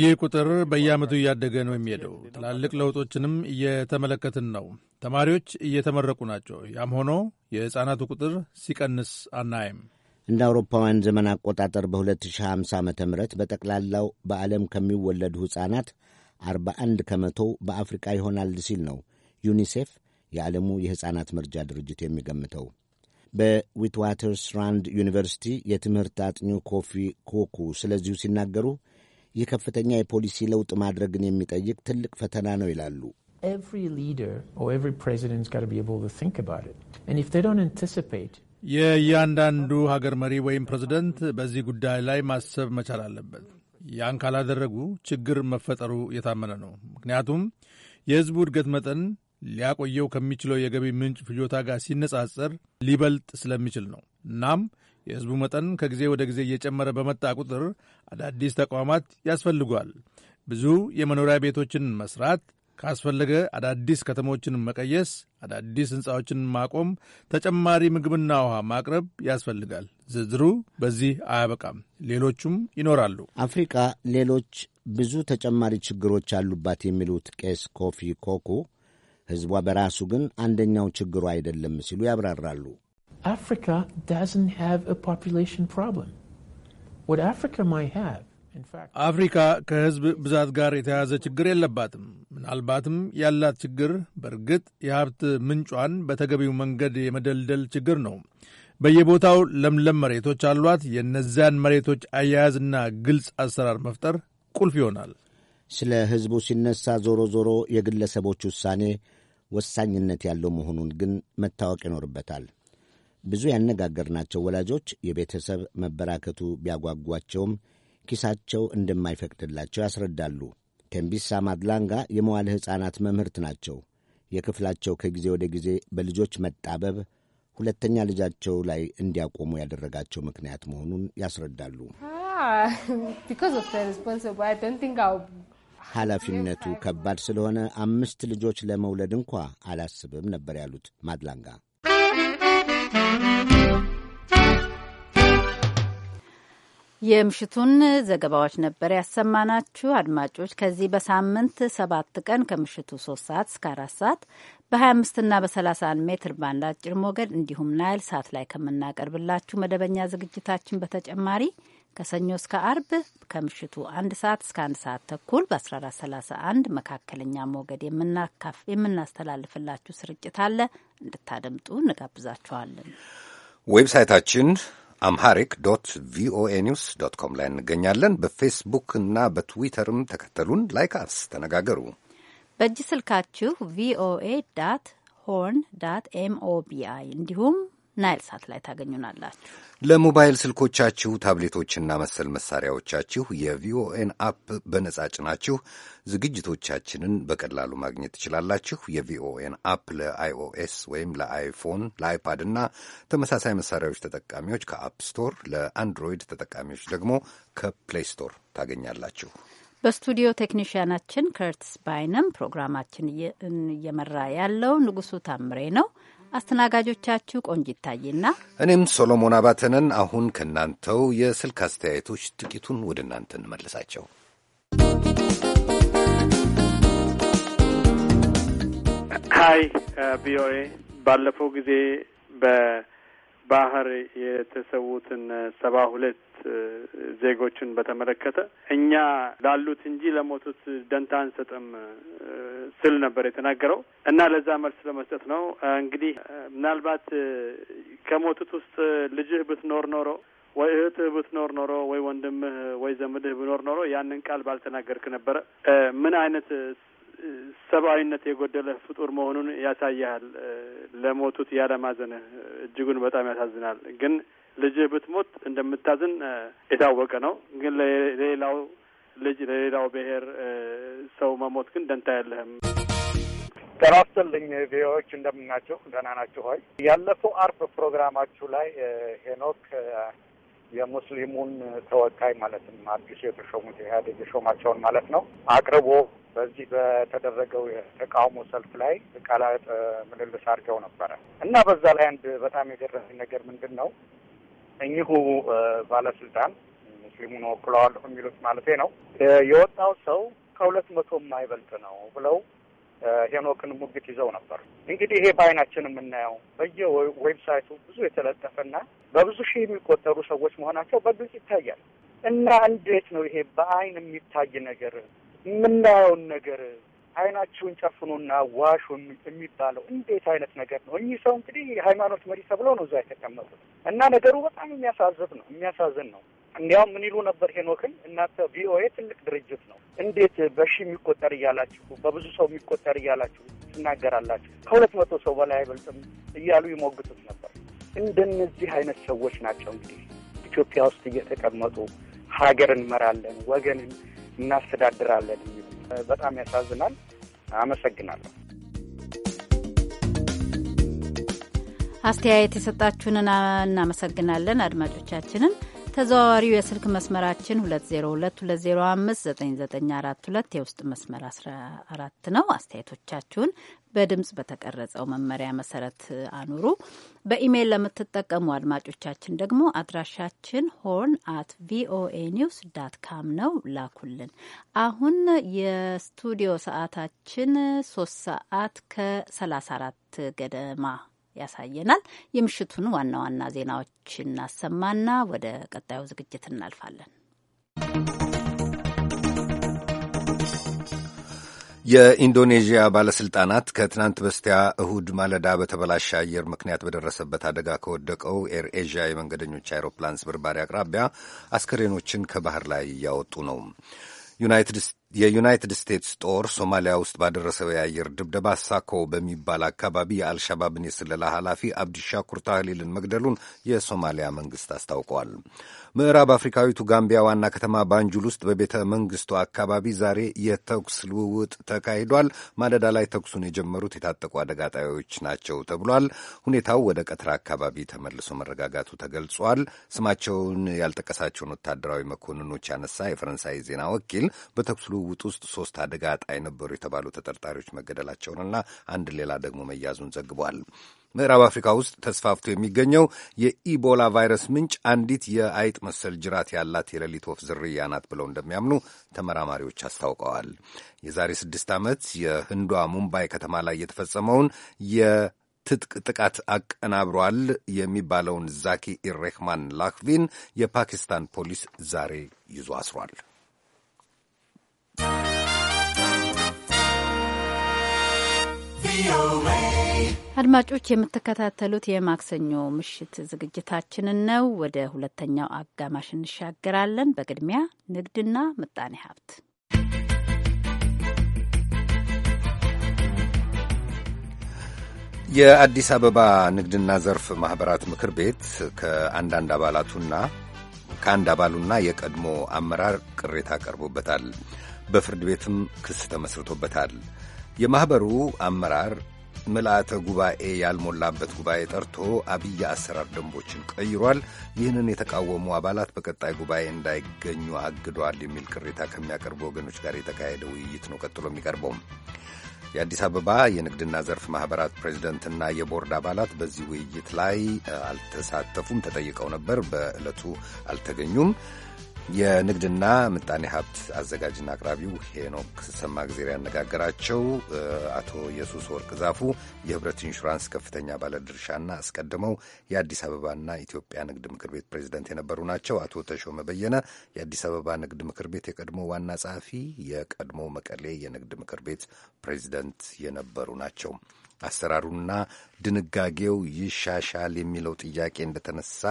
ይህ ቁጥር በየዓመቱ እያደገ ነው የሚሄደው። ትላልቅ ለውጦችንም እየተመለከትን ነው። ተማሪዎች እየተመረቁ ናቸው። ያም ሆኖ የሕፃናቱ ቁጥር ሲቀንስ አናይም። እንደ አውሮፓውያን ዘመን አቆጣጠር በ2050 ዓ ም በጠቅላላው በዓለም ከሚወለዱ ሕፃናት 41 ከመቶ በአፍሪቃ ይሆናል ሲል ነው ዩኒሴፍ የዓለሙ የሕፃናት መርጃ ድርጅት የሚገምተው። በዊትዋተርስራንድ ዩኒቨርሲቲ የትምህርት አጥኚው ኮፊ ኮኩ ስለዚሁ ሲናገሩ ይህ ከፍተኛ የፖሊሲ ለውጥ ማድረግን የሚጠይቅ ትልቅ ፈተና ነው ይላሉ። የእያንዳንዱ ሀገር መሪ ወይም ፕሬዝደንት በዚህ ጉዳይ ላይ ማሰብ መቻል አለበት። ያን ካላደረጉ ችግር መፈጠሩ የታመነ ነው። ምክንያቱም የሕዝቡ እድገት መጠን ሊያቆየው ከሚችለው የገቢ ምንጭ ፍጆታ ጋር ሲነጻጸር ሊበልጥ ስለሚችል ነው። እናም የሕዝቡ መጠን ከጊዜ ወደ ጊዜ እየጨመረ በመጣ ቁጥር አዳዲስ ተቋማት ያስፈልጓል። ብዙ የመኖሪያ ቤቶችን መስራት ካስፈለገ አዳዲስ ከተሞችን መቀየስ፣ አዳዲስ ሕንፃዎችን ማቆም፣ ተጨማሪ ምግብና ውሃ ማቅረብ ያስፈልጋል። ዝርዝሩ በዚህ አያበቃም። ሌሎቹም ይኖራሉ። አፍሪቃ ሌሎች ብዙ ተጨማሪ ችግሮች አሉባት የሚሉት ቄስ ኮፊ ኮኩ ሕዝቧ በራሱ ግን አንደኛው ችግሩ አይደለም ሲሉ ያብራራሉ። አፍሪካ ዳዝንት ከሕዝብ ብዛት ጋር የተያያዘ ችግር የለባትም። ምናልባትም ያላት ችግር በእርግጥ የሀብት ምንጯን በተገቢው መንገድ የመደልደል ችግር ነው። በየቦታው ለምለም መሬቶች አሏት። የእነዚያን መሬቶች አያያዝና ግልጽ አሰራር መፍጠር ቁልፍ ይሆናል። ስለ ሕዝቡ ሲነሳ ዞሮ ዞሮ የግለሰቦች ውሳኔ ወሳኝነት ያለው መሆኑን ግን መታወቅ ይኖርበታል። ብዙ ያነጋገርናቸው ወላጆች የቤተሰብ መበራከቱ ቢያጓጓቸውም ኪሳቸው እንደማይፈቅድላቸው ያስረዳሉ። ቴምቢሳ ማድላንጋ የመዋለ ሕፃናት መምህርት ናቸው። የክፍላቸው ከጊዜ ወደ ጊዜ በልጆች መጣበብ ሁለተኛ ልጃቸው ላይ እንዲያቆሙ ያደረጋቸው ምክንያት መሆኑን ያስረዳሉ። ah, ኃላፊነቱ ከባድ ስለሆነ አምስት ልጆች ለመውለድ እንኳ አላስብም ነበር ያሉት ማድላንጋ። የምሽቱን ዘገባዎች ነበር ያሰማናችሁ አድማጮች። ከዚህ በሳምንት ሰባት ቀን ከምሽቱ ሶስት ሰዓት እስከ አራት ሰዓት በ25 እና በ31 ሜትር ባንድ አጭር ሞገድ እንዲሁም ናይል ሳት ላይ ከምናቀርብላችሁ መደበኛ ዝግጅታችን በተጨማሪ ከሰኞ እስከ አርብ ከምሽቱ አንድ ሰዓት እስከ አንድ ሰዓት ተኩል በ1431 መካከለኛ ሞገድ የምናስተላልፍላችሁ ስርጭት አለ። እንድታደምጡ እንጋብዛችኋለን። ዌብሳይታችን አምሃሪክ ዶት ቪኦኤ ኒውስ ዶት ኮም ላይ እንገኛለን። በፌስቡክ እና በትዊተርም ተከተሉን፣ ላይክ አስ፣ ተነጋገሩ። በእጅ ስልካችሁ ቪኦኤ ዳት ሆርን ዳት ኤምኦቢአይ እንዲሁም ናይል ሳት ላይ ታገኙናላችሁ። ለሞባይል ስልኮቻችሁ ታብሌቶችና መሰል መሳሪያዎቻችሁ የቪኦኤን አፕ በነጻ ጭናችሁ ዝግጅቶቻችንን በቀላሉ ማግኘት ትችላላችሁ። የቪኦኤን አፕ ለአይኦኤስ ወይም ለአይፎን፣ ለአይፓድ እና ተመሳሳይ መሳሪያዎች ተጠቃሚዎች ከአፕ ስቶር፣ ለአንድሮይድ ተጠቃሚዎች ደግሞ ከፕሌይ ስቶር ታገኛላችሁ። በስቱዲዮ ቴክኒሽያናችን ከርትስ ባይነም ፕሮግራማችን እየመራ ያለው ንጉሱ ታምሬ ነው። አስተናጋጆቻችሁ ቆንጂት ታዬና እኔም ሶሎሞን አባተነን። አሁን ከእናንተው የስልክ አስተያየቶች ጥቂቱን ወደ እናንተ እንመልሳቸው። ሀይ ቪኦኤ ባለፈው ጊዜ ባህር የተሰዉትን ሰባ ሁለት ዜጎችን በተመለከተ እኛ ላሉት እንጂ ለሞቱት ደንታ አንሰጥም ስል ነበር የተናገረው እና ለዛ መልስ ለመስጠት ነው። እንግዲህ ምናልባት ከሞቱት ውስጥ ልጅህ ብትኖር ኖሮ ወይ እህትህ ብትኖር ኖሮ ወይ ወንድምህ ወይ ዘመድህ ብኖር ኖሮ ያንን ቃል ባልተናገርክ ነበረ። ምን አይነት ሰብአዊነት የጎደለ ፍጡር መሆኑን ያሳያል። ለሞቱት ያለማዘንህ እጅጉን በጣም ያሳዝናል። ግን ልጅህ ብትሞት እንደምታዝን የታወቀ ነው። ግን ለሌላው ልጅ ለሌላው ብሔር ሰው መሞት ግን ደንታ የለህም። ጤና ይስጥልኝ ቪኦኤዎች፣ እንደምናችሁ? ደህና ናችሁ ሆይ? ያለፈው አርብ ፕሮግራማችሁ ላይ ሄኖክ የሙስሊሙን ተወካይ ነው አዲሱ የተሾሙት ኢህአዴግ የሾማቸውን ማለት ነው አቅርቦ በዚህ በተደረገው የተቃውሞ ሰልፍ ላይ ቃላት ምልልስ አድርገው ነበረ እና በዛ ላይ አንድ በጣም የገረመኝ ነገር ምንድን ነው እኚሁ ባለስልጣን ሙስሊሙን ወክለዋለሁ የሚሉት ማለት ነው የወጣው ሰው ከሁለት መቶ የማይበልጥ ነው ብለው ሄኖክን ሙግት ይዘው ነበር። እንግዲህ ይሄ በአይናችን የምናየው ዌብሳይቱ ብዙ የተለጠፈና በብዙ ሺህ የሚቆጠሩ ሰዎች መሆናቸው በግልጽ ይታያል። እና እንዴት ነው ይሄ በአይን የሚታይ ነገር የምናየውን ነገር አይናችሁን ጨፍኑና ዋሹ የሚባለው እንዴት አይነት ነገር ነው? እኚህ ሰው እንግዲህ የሃይማኖት መሪ ተብለው ነው እዛ የተቀመጡት እና ነገሩ በጣም የሚያሳዝብ ነው የሚያሳዝን ነው። እንዲያውም ምን ይሉ ነበር ሄኖክን፣ እናንተ ቪኦኤ ትልቅ ድርጅት ነው፣ እንዴት በሺ የሚቆጠር እያላችሁ በብዙ ሰው የሚቆጠር እያላችሁ ትናገራላችሁ? ከሁለት መቶ ሰው በላይ አይበልጥም እያሉ ይሞግቱት ነበር። እንደነዚህ አይነት ሰዎች ናቸው እንግዲህ ኢትዮጵያ ውስጥ እየተቀመጡ ሀገር እንመራለን፣ ወገንን እናስተዳድራለን የሚሉ በጣም ያሳዝናል። አመሰግናለሁ። አስተያየት የሰጣችሁንን እናመሰግናለን አድማጮቻችንን። ተዘዋዋሪው የስልክ መስመራችን 2022059942 የውስጥ መስመር 14 ነው። አስተያየቶቻችሁን በድምፅ በተቀረጸው መመሪያ መሰረት አኑሩ። በኢሜይል ለምትጠቀሙ አድማጮቻችን ደግሞ አድራሻችን ሆርን አት ቪኦኤ ኒውስ ዳት ካም ነው፣ ላኩልን። አሁን የስቱዲዮ ሰዓታችን ሶስት ሰዓት ከ34 ገደማ ያሳየናል። የምሽቱን ዋና ዋና ዜናዎች እናሰማና ወደ ቀጣዩ ዝግጅት እናልፋለን። የኢንዶኔዥያ ባለስልጣናት ከትናንት በስቲያ እሁድ ማለዳ በተበላሸ አየር ምክንያት በደረሰበት አደጋ ከወደቀው ኤርኤዥያ የመንገደኞች አውሮፕላን ስብርባሪ አቅራቢያ አስከሬኖችን ከባህር ላይ እያወጡ ነው። ዩናይትድ የዩናይትድ ስቴትስ ጦር ሶማሊያ ውስጥ ባደረሰው የአየር ድብደባ ሳኮ በሚባል አካባቢ የአልሻባብን የስለላ ኃላፊ አብዲ ሻኩር ታህሊልን መግደሉን የሶማሊያ መንግስት አስታውቋል። ምዕራብ አፍሪካዊቱ ጋምቢያ ዋና ከተማ ባንጁል ውስጥ በቤተ መንግስቱ አካባቢ ዛሬ የተኩስ ልውውጥ ተካሂዷል። ማለዳ ላይ ተኩሱን የጀመሩት የታጠቁ አደጋ ጣዮች ናቸው ተብሏል። ሁኔታው ወደ ቀትራ አካባቢ ተመልሶ መረጋጋቱ ተገልጿል። ስማቸውን ያልጠቀሳቸውን ወታደራዊ መኮንኖች ያነሳ የፈረንሳይ ዜና ወኪል በተኩስ ልውውጥ ውስጥ ሶስት አደጋ ጣይ ነበሩ የተባሉ ተጠርጣሪዎች መገደላቸውንና አንድ ሌላ ደግሞ መያዙን ዘግቧል። ምዕራብ አፍሪካ ውስጥ ተስፋፍቶ የሚገኘው የኢቦላ ቫይረስ ምንጭ አንዲት የአይጥ መሰል ጅራት ያላት የሌሊት ወፍ ዝርያ ናት ብለው እንደሚያምኑ ተመራማሪዎች አስታውቀዋል። የዛሬ ስድስት ዓመት የህንዷ ሙምባይ ከተማ ላይ የተፈጸመውን የትጥቅ ጥቃት አቀናብሯል የሚባለውን ዛኪ ኢሬህማን ላክቪን የፓኪስታን ፖሊስ ዛሬ ይዞ አስሯል። አድማጮች የምትከታተሉት የማክሰኞ ምሽት ዝግጅታችንን ነው። ወደ ሁለተኛው አጋማሽ እንሻገራለን። በቅድሚያ ንግድና ምጣኔ ሀብት የአዲስ አበባ ንግድና ዘርፍ ማኅበራት ምክር ቤት ከአንዳንድ አባላቱና ከአንድ አባሉና የቀድሞ አመራር ቅሬታ ቀርቦበታል። በፍርድ ቤትም ክስ ተመስርቶበታል። የማኅበሩ አመራር ምልአተ ጉባኤ ያልሞላበት ጉባኤ ጠርቶ አብይ አሰራር ደንቦችን ቀይሯል፣ ይህንን የተቃወሙ አባላት በቀጣይ ጉባኤ እንዳይገኙ አግዷል የሚል ቅሬታ ከሚያቀርቡ ወገኖች ጋር የተካሄደ ውይይት ነው ቀጥሎ የሚቀርበውም። የአዲስ አበባ የንግድና ዘርፍ ማኅበራት ፕሬዚደንትና የቦርድ አባላት በዚህ ውይይት ላይ አልተሳተፉም። ተጠይቀው ነበር፣ በዕለቱ አልተገኙም። የንግድና ምጣኔ ሀብት አዘጋጅና አቅራቢው ሄኖክ ሰማ ጊዜር ያነጋገራቸው አቶ ኢየሱስ ወርቅ ዛፉ የህብረት ኢንሹራንስ ከፍተኛ ባለድርሻና አስቀድመው የአዲስ አበባና ኢትዮጵያ ንግድ ምክር ቤት ፕሬዚደንት የነበሩ ናቸው። አቶ ተሾመ በየነ የአዲስ አበባ ንግድ ምክር ቤት የቀድሞ ዋና ጸሐፊ፣ የቀድሞ መቀሌ የንግድ ምክር ቤት ፕሬዚደንት የነበሩ ናቸው። አሰራሩና ድንጋጌው ይሻሻል የሚለው ጥያቄ እንደተነሳ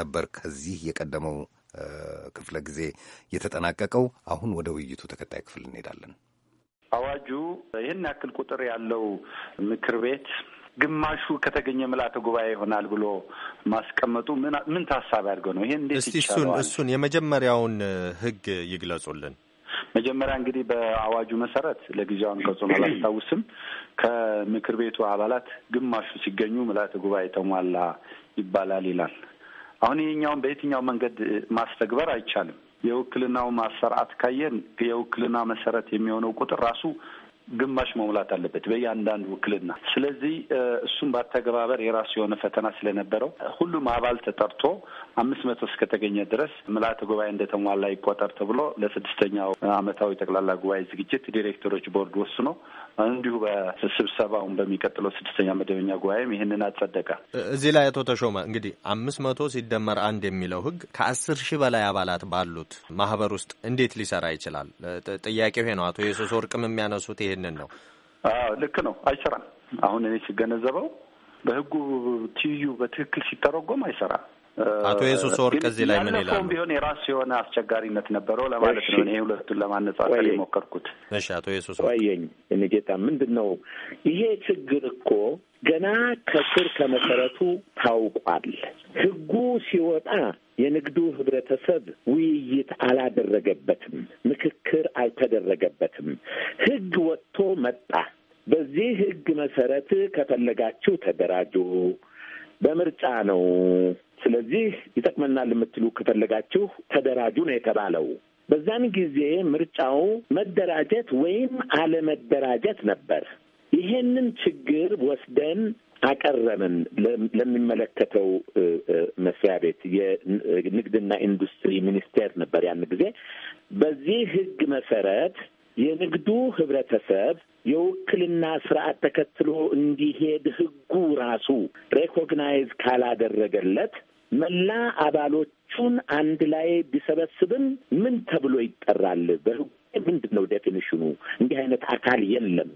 ነበር ከዚህ የቀደመው ክፍለ ጊዜ የተጠናቀቀው። አሁን ወደ ውይይቱ ተከታይ ክፍል እንሄዳለን። አዋጁ ይህን ያክል ቁጥር ያለው ምክር ቤት ግማሹ ከተገኘ ምልአተ ጉባኤ ይሆናል ብሎ ማስቀመጡ ምን ታሳቢ አድርገው ነው? ይህ እንዴት ይቻላል? እሱን የመጀመሪያውን ህግ ይግለጹልን። መጀመሪያ እንግዲህ በአዋጁ መሰረት ለጊዜው አንቀጹን አላስታውስም፣ ከምክር ቤቱ አባላት ግማሹ ሲገኙ ምልአተ ጉባኤ ተሟላ ይባላል ይላል። አሁን ይህኛውን በየትኛው መንገድ ማስተግበር አይቻልም። የውክልናው ማሰርዓት ካየን የውክልና መሰረት የሚሆነው ቁጥር ራሱ ግማሽ መሙላት አለበት በእያንዳንዱ ውክልና። ስለዚህ እሱም በአተገባበር የራሱ የሆነ ፈተና ስለነበረው ሁሉም አባል ተጠርቶ አምስት መቶ እስከተገኘ ድረስ ምልአተ ጉባኤ እንደተሟላ ይቆጠር ተብሎ ለስድስተኛው ዓመታዊ ጠቅላላ ጉባኤ ዝግጅት ዲሬክተሮች ቦርድ ወስኖ እንዲሁ በስብሰባውን በሚቀጥለው ስድስተኛ መደበኛ ጉባኤም ይህንን አጸደቀ። እዚህ ላይ አቶ ተሾመ እንግዲህ አምስት መቶ ሲደመር አንድ የሚለው ህግ ከአስር ሺህ በላይ አባላት ባሉት ማህበር ውስጥ እንዴት ሊሰራ ይችላል? ጥያቄው ይሄ ነው። አቶ የሶስ ወርቅም የሚያነሱት ይሄ ይሄንን ነው። አዎ ልክ ነው። አይሰራም። አሁን እኔ ሲገነዘበው በህጉ ትይዩ በትክክል ሲተረጎም አይሰራም። አቶ የሱስ ወርቅ እዚህ ላይ ምን ይላሉ? ቢሆን የራሱ የሆነ አስቸጋሪነት ነበረው ለማለት ነው። ይሄ ሁለቱን ለማነጻጸር የሞከርኩት። እሺ አቶ የሱስ ወርቅኝ እኔ ጌታ ምንድን ነው ይሄ ችግር እኮ ገና ከስር ከመሰረቱ ታውቋል። ህጉ ሲወጣ የንግዱ ህብረተሰብ ውይይት አላደረገበትም፣ ምክክር አልተደረገበትም። ህግ ወጥቶ መጣ። በዚህ ህግ መሰረት ከፈለጋችሁ ተደራጁ፣ በምርጫ ነው፣ ስለዚህ ይጠቅመናል የምትሉ ከፈለጋችሁ ተደራጁ ነው የተባለው። በዛን ጊዜ ምርጫው መደራጀት ወይም አለመደራጀት ነበር። ይሄንን ችግር ወስደን አቀረብን ለሚመለከተው መስሪያ ቤት የንግድና ኢንዱስትሪ ሚኒስቴር ነበር ያን ጊዜ። በዚህ ህግ መሰረት የንግዱ ህብረተሰብ የውክልና ስርዓት ተከትሎ እንዲሄድ ህጉ ራሱ ሬኮግናይዝ ካላደረገለት መላ አባሎቹን አንድ ላይ ቢሰበስብም ምን ተብሎ ይጠራል? በህጉ ምንድን ነው ዴፊኒሽኑ? እንዲህ አይነት አካል የለም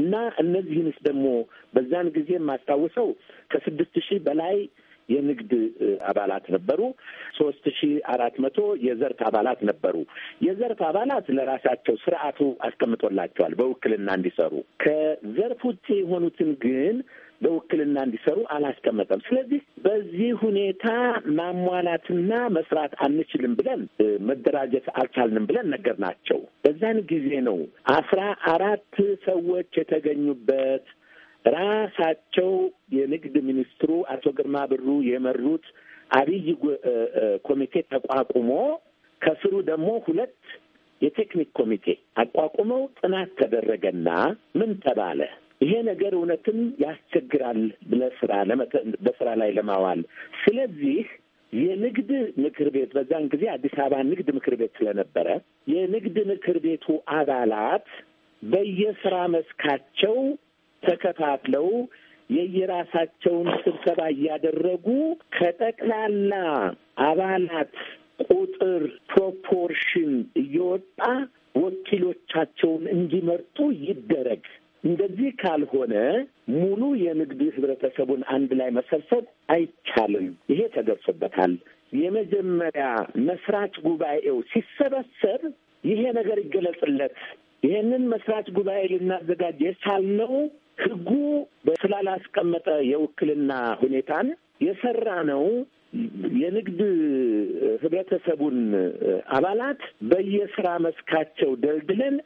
እና እነዚህንስ ደግሞ በዛን ጊዜ የማስታውሰው ከስድስት ሺህ በላይ የንግድ አባላት ነበሩ። ሶስት ሺ አራት መቶ የዘርፍ አባላት ነበሩ። የዘርፍ አባላት ለራሳቸው ስርዓቱ አስቀምጦላቸዋል በውክልና እንዲሰሩ። ከዘርፍ ውጭ የሆኑትን ግን በውክልና እንዲሰሩ አላስቀመጠም። ስለዚህ በዚህ ሁኔታ ማሟላትና መስራት አንችልም ብለን መደራጀት አልቻልንም ብለን ነገር ናቸው። በዛን ጊዜ ነው አስራ አራት ሰዎች የተገኙበት ራሳቸው የንግድ ሚኒስትሩ አቶ ግርማ ብሩ የመሩት አብይ ኮሚቴ ተቋቁሞ ከስሩ ደግሞ ሁለት የቴክኒክ ኮሚቴ አቋቁመው ጥናት ተደረገና ምን ተባለ? ይሄ ነገር እውነትም ያስቸግራል ብለህ በስራ ላይ ለማዋል ስለዚህ የንግድ ምክር ቤት በዛን ጊዜ አዲስ አበባ ንግድ ምክር ቤት ስለነበረ የንግድ ምክር ቤቱ አባላት በየስራ መስካቸው ተከታትለው የየራሳቸውን ስብሰባ እያደረጉ ከጠቅላላ አባላት ቁጥር ፕሮፖርሽን እየወጣ ወኪሎቻቸውን እንዲመርጡ ይደረግ እንደዚህ ካልሆነ ሙሉ የንግዱ ህብረተሰቡን አንድ ላይ መሰብሰብ አይቻልም። ይሄ ተደርሶበታል። የመጀመሪያ መስራች ጉባኤው ሲሰበሰብ ይሄ ነገር ይገለጽለት። ይህንን መስራች ጉባኤ ልናዘጋጅ የቻልነው ህጉ ስላላስቀመጠ የውክልና ሁኔታን የሰራ ነው። የንግድ ህብረተሰቡን አባላት በየስራ መስካቸው ደልድለን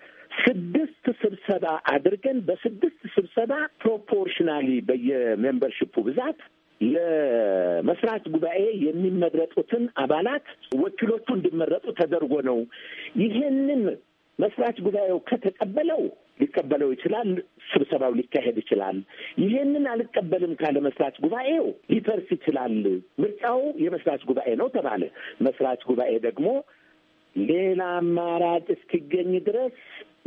ስድስት ስብሰባ አድርገን በስድስት ስብሰባ ፕሮፖርሽናሊ በየሜምበርሽፑ ብዛት ለመስራች ጉባኤ የሚመረጡትን አባላት ወኪሎቹ እንዲመረጡ ተደርጎ ነው። ይህንን መስራች ጉባኤው ከተቀበለው ሊቀበለው ይችላል፣ ስብሰባው ሊካሄድ ይችላል። ይህንን አልቀበልም ካለ መስራች ጉባኤው ሊፈርስ ይችላል። ምርጫው የመስራች ጉባኤ ነው ተባለ። መስራች ጉባኤ ደግሞ ሌላ አማራጭ እስኪገኝ ድረስ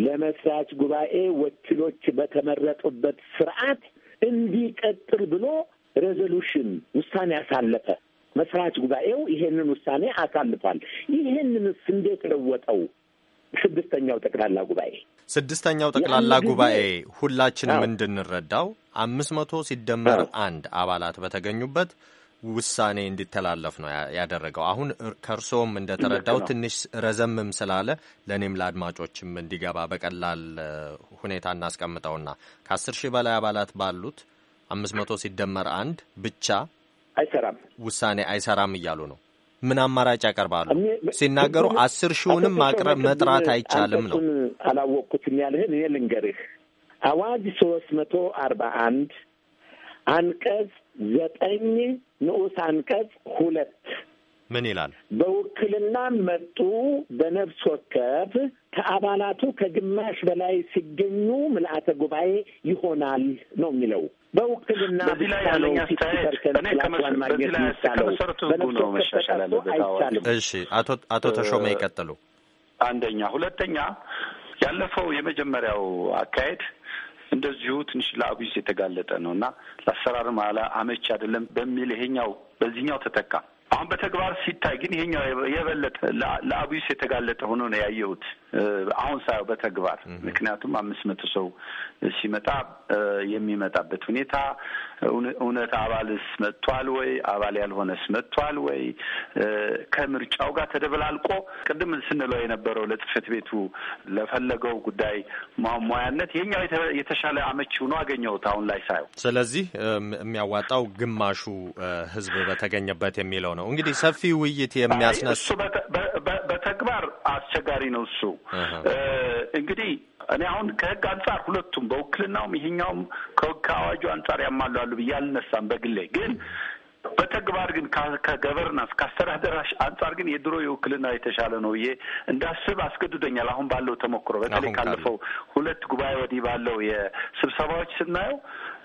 ለመስራች ጉባኤ ወኪሎች በተመረጡበት ስርዓት እንዲቀጥል ብሎ ሬዞሉሽን ውሳኔ አሳለፈ። መስራች ጉባኤው ይሄንን ውሳኔ አሳልፏል። ይሄንንስ እንዴት ለወጠው? ስድስተኛው ጠቅላላ ጉባኤ ስድስተኛው ጠቅላላ ጉባኤ ሁላችንም እንድንረዳው አምስት መቶ ሲደመር አንድ አባላት በተገኙበት ውሳኔ እንዲተላለፍ ነው ያደረገው። አሁን ከእርስዎም እንደተረዳው ትንሽ ረዘምም ስላለ ለእኔም ለአድማጮችም እንዲገባ በቀላል ሁኔታ እናስቀምጠውና ከአስር ሺህ በላይ አባላት ባሉት አምስት መቶ ሲደመር አንድ ብቻ አይሰራም ውሳኔ አይሰራም እያሉ ነው። ምን አማራጭ ያቀርባሉ ሲናገሩ አስር ሺውንም ማቅረብ መጥራት አይቻልም ነው። አላወቅኩትም ያልህን እኔ ልንገርህ አዋጅ ሶስት መቶ አርባ አንድ አንቀጽ ዘጠኝ ንዑስ አንቀጽ ሁለት ምን ይላል? በውክልና መጡ በነፍስ ወከፍ ከአባላቱ ከግማሽ በላይ ሲገኙ ምልአተ ጉባኤ ይሆናል ነው የሚለው። በውክልና በዚህ ላይ ያለኝ አስተያየት እኔ ከመሰረቱ ህጉ ነው መሻሻል አለበት። እሺ፣ አቶ ተሾመ ይቀጥሉ። አንደኛ፣ ሁለተኛ ያለፈው የመጀመሪያው አካሄድ እንደዚሁ ትንሽ ለአቢዩስ የተጋለጠ ነው እና ለአሰራርም አመች አይደለም በሚል ይሄኛው በዚህኛው ተተካ። አሁን በተግባር ሲታይ ግን ይሄኛው የበለጠ ለአቢዩስ የተጋለጠ ሆኖ ነው ያየሁት። አሁን ሳየው በተግባር ምክንያቱም አምስት መቶ ሰው ሲመጣ የሚመጣበት ሁኔታ እውነት አባልስ መጥቷል ወይ አባል ያልሆነስ መጥቷል ወይ ከምርጫው ጋር ተደበላልቆ ቅድም ስንለው የነበረው ለጽህፈት ቤቱ ለፈለገው ጉዳይ ማሟያነት የኛው የተሻለ አመቺ ሆኖ አገኘሁት አሁን ላይ ሳየው። ስለዚህ የሚያዋጣው ግማሹ ህዝብ በተገኘበት የሚለው ነው። እንግዲህ ሰፊ ውይይት የሚያስነሱ በተግባር አስቸጋሪ ነው እሱ እንግዲህ እኔ አሁን ከህግ አንጻር ሁለቱም በውክልናውም ይሄኛውም አዋጁ አንጻር ያሟላሉ ብዬ አልነሳም። በግሌ ግን በተግባር ግን ከገቨርናንስ ከአስተዳደራሽ አንጻር ግን የድሮ የውክልና የተሻለ ነው ብዬ እንዳስብ አስገድዶኛል። አሁን ባለው ተሞክሮ በተለይ ካለፈው ሁለት ጉባኤ ወዲህ ባለው የስብሰባዎች ስናየው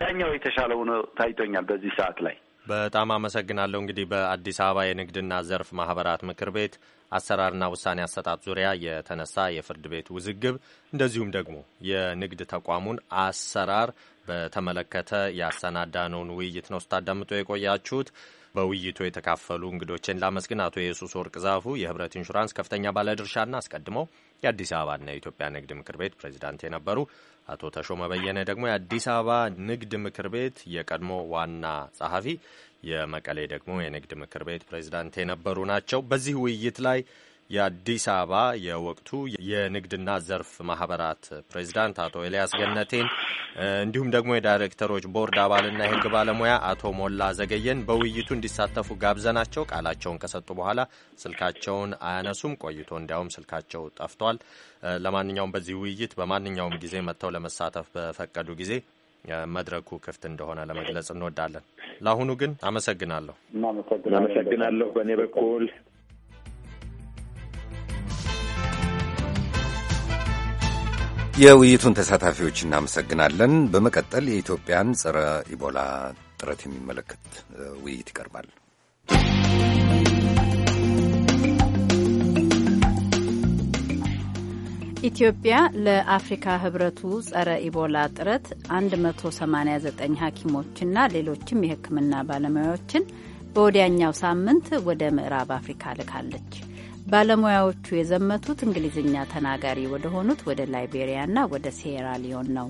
ያኛው የተሻለ ሆኖ ታይቶኛል በዚህ ሰዓት ላይ። በጣም አመሰግናለሁ። እንግዲህ በአዲስ አበባ የንግድና ዘርፍ ማህበራት ምክር ቤት አሰራርና ውሳኔ አሰጣጥ ዙሪያ የተነሳ የፍርድ ቤት ውዝግብ እንደዚሁም ደግሞ የንግድ ተቋሙን አሰራር በተመለከተ ያሰናዳነውን ውይይት ነው ስታዳምጡ የቆያችሁት። በውይይቱ የተካፈሉ እንግዶችን ላመስግን። አቶ ኢየሱስ ወርቅ ዛፉ የህብረት ኢንሹራንስ ከፍተኛ ባለድርሻና አስቀድመው የአዲስ አበባና የኢትዮጵያ ንግድ ምክር ቤት ፕሬዚዳንት የነበሩ፣ አቶ ተሾመ በየነ ደግሞ የአዲስ አበባ ንግድ ምክር ቤት የቀድሞ ዋና ጸሐፊ፣ የመቀሌ ደግሞ የንግድ ምክር ቤት ፕሬዚዳንት የነበሩ ናቸው። በዚህ ውይይት ላይ የአዲስ አበባ የወቅቱ የንግድና ዘርፍ ማህበራት ፕሬዚዳንት አቶ ኤልያስ ገነቴን እንዲሁም ደግሞ የዳይሬክተሮች ቦርድ አባልና የሕግ ባለሙያ አቶ ሞላ ዘገየን በውይይቱ እንዲሳተፉ ጋብዘናቸው ቃላቸውን ከሰጡ በኋላ ስልካቸውን አያነሱም ቆይቶ እንዲያውም ስልካቸው ጠፍቷል። ለማንኛውም በዚህ ውይይት በማንኛውም ጊዜ መጥተው ለመሳተፍ በፈቀዱ ጊዜ መድረኩ ክፍት እንደሆነ ለመግለጽ እንወዳለን። ለአሁኑ ግን አመሰግናለሁ። አመሰግናለሁ በእኔ በኩል የውይይቱን ተሳታፊዎች እናመሰግናለን። በመቀጠል የኢትዮጵያን ጸረ ኢቦላ ጥረት የሚመለከት ውይይት ይቀርባል። ኢትዮጵያ ለአፍሪካ ህብረቱ ጸረ ኢቦላ ጥረት 189 ሐኪሞችና ሌሎችም የሕክምና ባለሙያዎችን በወዲያኛው ሳምንት ወደ ምዕራብ አፍሪካ ልካለች። ባለሙያዎቹ የዘመቱት እንግሊዝኛ ተናጋሪ ወደ ሆኑት ወደ ላይቤሪያና ወደ ሴራ ሊዮን ነው።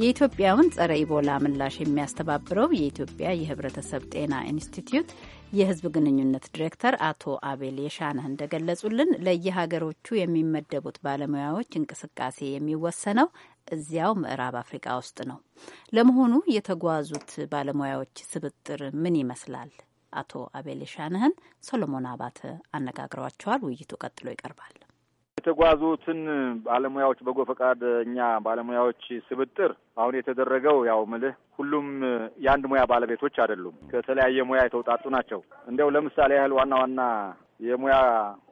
የኢትዮጵያውን ጸረ ኢቦላ ምላሽ የሚያስተባብረው የኢትዮጵያ የሕብረተሰብ ጤና ኢንስቲትዩት የሕዝብ ግንኙነት ዲሬክተር አቶ አቤል የሻነህ እንደገለጹልን ለየሀገሮቹ የሚመደቡት ባለሙያዎች እንቅስቃሴ የሚወሰነው እዚያው ምዕራብ አፍሪካ ውስጥ ነው። ለመሆኑ የተጓዙት ባለሙያዎች ስብጥር ምን ይመስላል? አቶ አቤል ሻንህን ሰሎሞን አባተ አነጋግሯቸዋል። ውይይቱ ቀጥሎ ይቀርባል። የተጓዙትን ባለሙያዎች በጎ ፈቃደኛ ባለሙያዎች ስብጥር አሁን የተደረገው ያው ምልህ ሁሉም የአንድ ሙያ ባለቤቶች አይደሉም። ከተለያየ ሙያ የተውጣጡ ናቸው። እንዲያው ለምሳሌ ያህል ዋና ዋና የሙያ